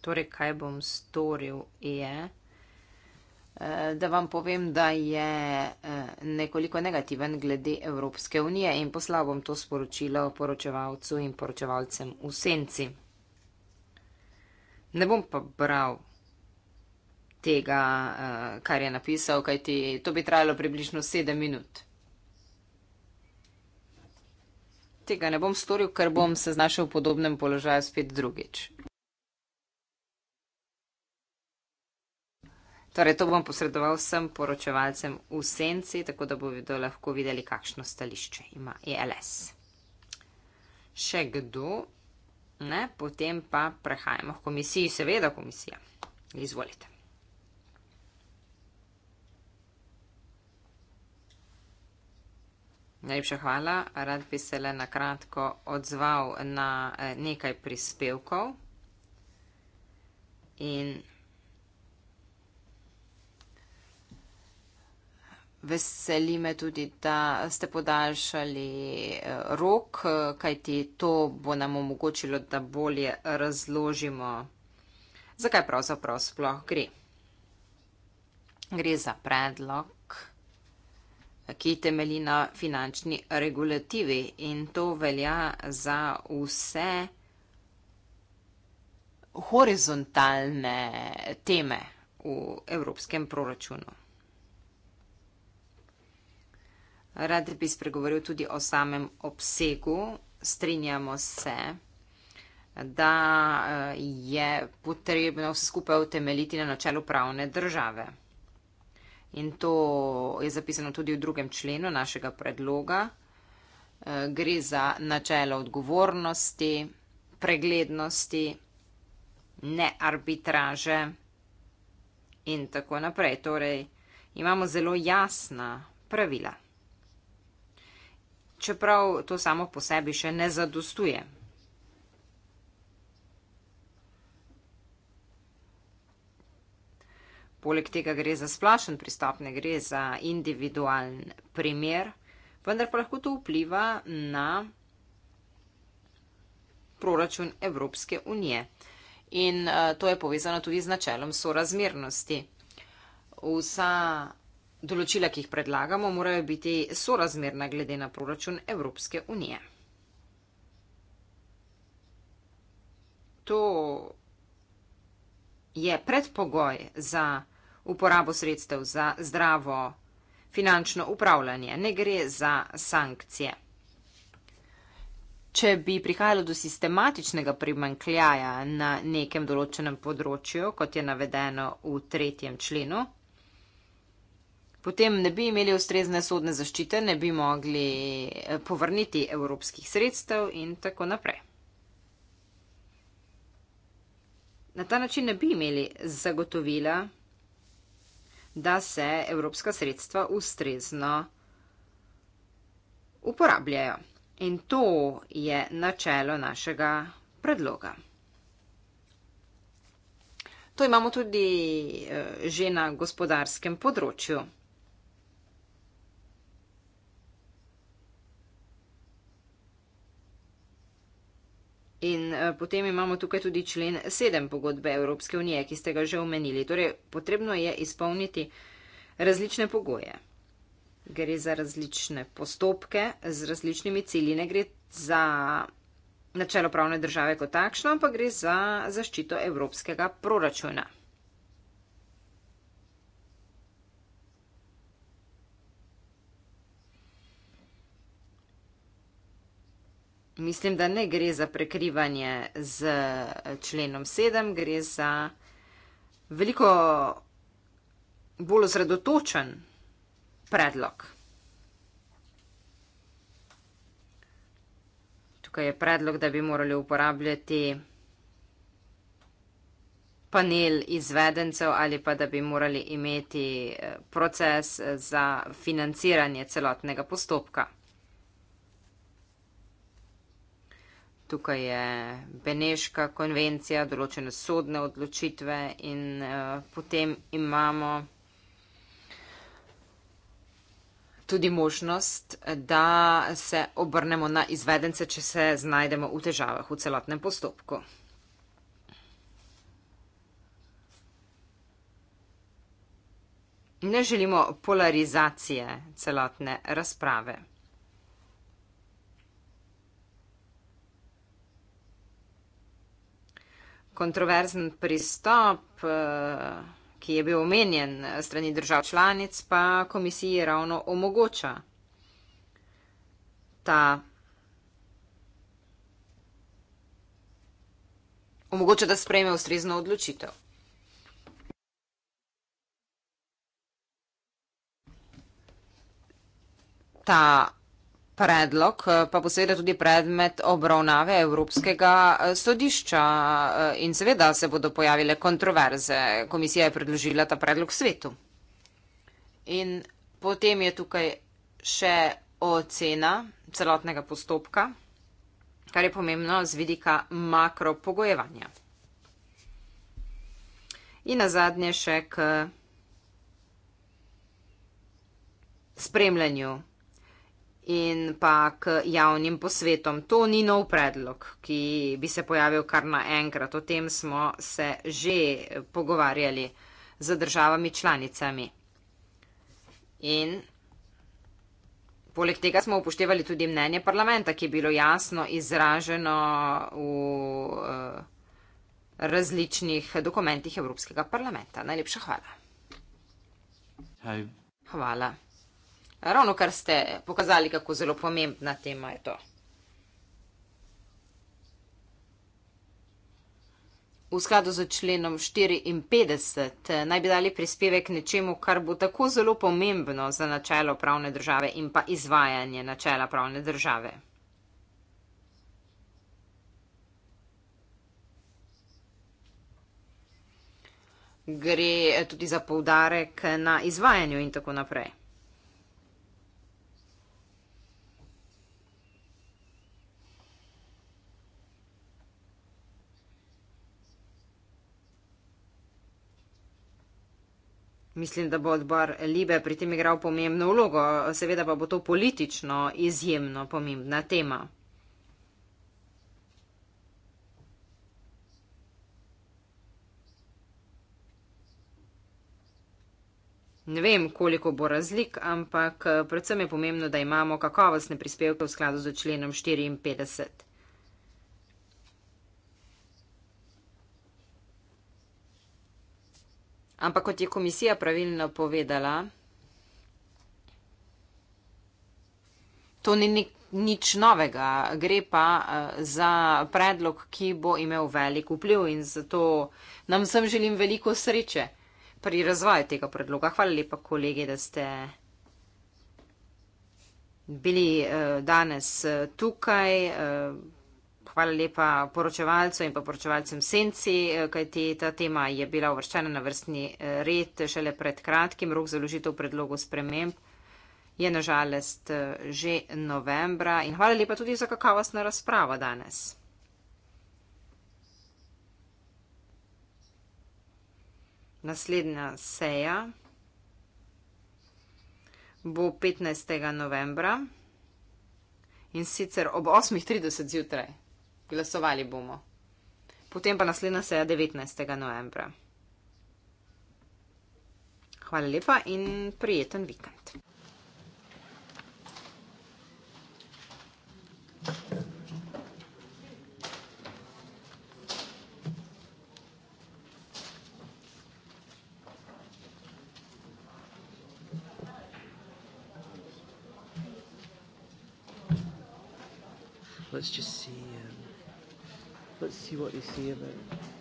Torej, kaj bom storil je. Uh, Eh, da vam povem, da je eh, nekoliko negativen glede Evropske unije in poslal bom to sporočilo poročevalcu in poročevalcem v senci. Ne bom pa bral tega, eh, kar je napisal, kajti to bi trajalo približno sedem minut. Tega ne bom storil, ker bom se znašel v podobnem položaju spet drugič. Torej, to bom posredoval vsem poročevalcem v senci, tako da bodo lahko videli, kakšno stališče ima ELS. Še kdo? Ne, potem pa prehajamo v komisiji, seveda komisija. Izvolite. Najlepša hvala. Rad bi se le na kratko odzval na eh, nekaj prispevkov. In Veseli me tudi, da ste podaljšali eh, rok, eh, kajti to bo nam omogočilo, da bolje razložimo, zakaj pravzaprav sploh gre. Gre za predlog, ki temeli na finančni regulativi in to velja za vse horizontalne teme v evropskem proračunu. Rad bi spregovoril tudi o samem obsegu. Strinjamo se, da eh, je potrebno vse skupaj utemeljiti na načelu pravne države. In to je zapisano tudi v drugem členu našega predloga. Eh, gre za načelo odgovornosti, preglednosti, nearbitraže in tako naprej. Torej, imamo zelo jasna pravila čeprav to samo po sebi še ne zadostuje. Poleg tega gre za splašen pristop, ne gre za individualen primer, vendar pa lahko to vpliva na proračun Evropske unije. In eh, to je povezano tudi z načelom sorazmernosti. Vsa Določila, ki jih predlagamo, morajo biti sorazmerna glede na proračun Evropske unije. To je predpogoj za uporabo sredstev za zdravo finančno upravljanje. Ne gre za sankcije. Če bi prihajalo do sistematičnega primankljaja na nekem določenem področju, kot je navedeno v tretjem členu, potem ne bi imeli ustrezne sodne zaščite, ne bi mogli eh, povrniti evropskih sredstev in tako naprej. Na ta način ne bi imeli zagotovila, da se evropska sredstva ustrezno uporabljajo. In to je načelo našega predloga. To imamo tudi eh, že na gospodarskem področju. In uh, potem imamo tukaj tudi člen 7 pogodbe Evropske unije, ki ste ga že omenili. Torej, potrebno je izpolniti različne pogoje. Gre za različne postopke z različnimi cilji. Ne gre za načelo pravne države kot takšno, ampak gre za zaščito evropskega proračuna. Mislim, da ne gre za prekrivanje z členom 7, gre za veliko bolj osredotočen predlog. Tukaj je predlog, da bi morali uporabljati panel izvedencev ali pa da bi morali imeti eh, proces eh, za financiranje celotnega postopka. tukaj je Beneška konvencija, določene sodne odločitve in uh, potem imamo tudi možnost, da se obrnemo na izvedence, če se znajdemo v težavah v celotnem postopku. Ne želimo polarizacije celotne razprave. kontroverzen pristop, eh, ki je bil omenjen strani držav članic, pa komisiji ravno omogoča ta. Omogoča, da sprejme ustrezno odločitev. Ta predlog, eh, pa bo seveda tudi predmet obravnave Evropskega eh, sodišča eh, in seveda se bodo pojavile kontroverze. Komisija je predložila ta predlog svetu. In potem je tukaj še ocena celotnega postopka, kar je pomembno z vidika makropogojevanja. In na zadnje še k spremljanju in pa k javnim posvetom. To ni nov predlog, ki bi se pojavil kar naenkrat. O tem smo se že pogovarjali z državami članicami. In poleg tega smo upoštevali tudi mnenje parlamenta, ki je bilo jasno izraženo v eh, različnih dokumentih Evropskega parlamenta. Najlepša hvala. Hi. Hvala. Ravno kar ste pokazali, kako zelo pomembna tema je to. V skladu z členom 54 eh, naj bi dali prispevek nečemu, kar bo tako zelo pomembno za načelo pravne države in pa izvajanje načela pravne države. Gre eh, tudi za povdarek na izvajanju in tako naprej. Mislim, da bo odbor Libe pri tem igral pomembno vlogo, seveda pa bo to politično izjemno pomembna tema. Ne vem, koliko bo razlik, ampak predvsem je pomembno, da imamo kakovostne prispevke v skladu z členom 54. Ampak kot je komisija pravilno povedala, to ni nek, nič novega, gre pa uh, za predlog, ki bo imel velik vpliv in zato nam vsem želim veliko sreče pri razvoju tega predloga. Hvala lepa, kolege, da ste bili uh, danes uh, tukaj. Uh, hvala lepa poročevalcu in pa poročevalcem Senci, eh, kajti ta tema je bila uvrščena na vrstni eh, red šele pred kratkim. Rok za ložitev predlogu sprememb je nažalost eh, že novembra. In hvala lepa tudi za kakavostno razpravo danes. Naslednja seja bo 15. novembra in sicer ob 8.30 zjutraj. Glasovali bomo. Potem pa naslednja seja 19. novembra. Hvala lepa in prijeten vikend. Thank you. recimo iz Jemena.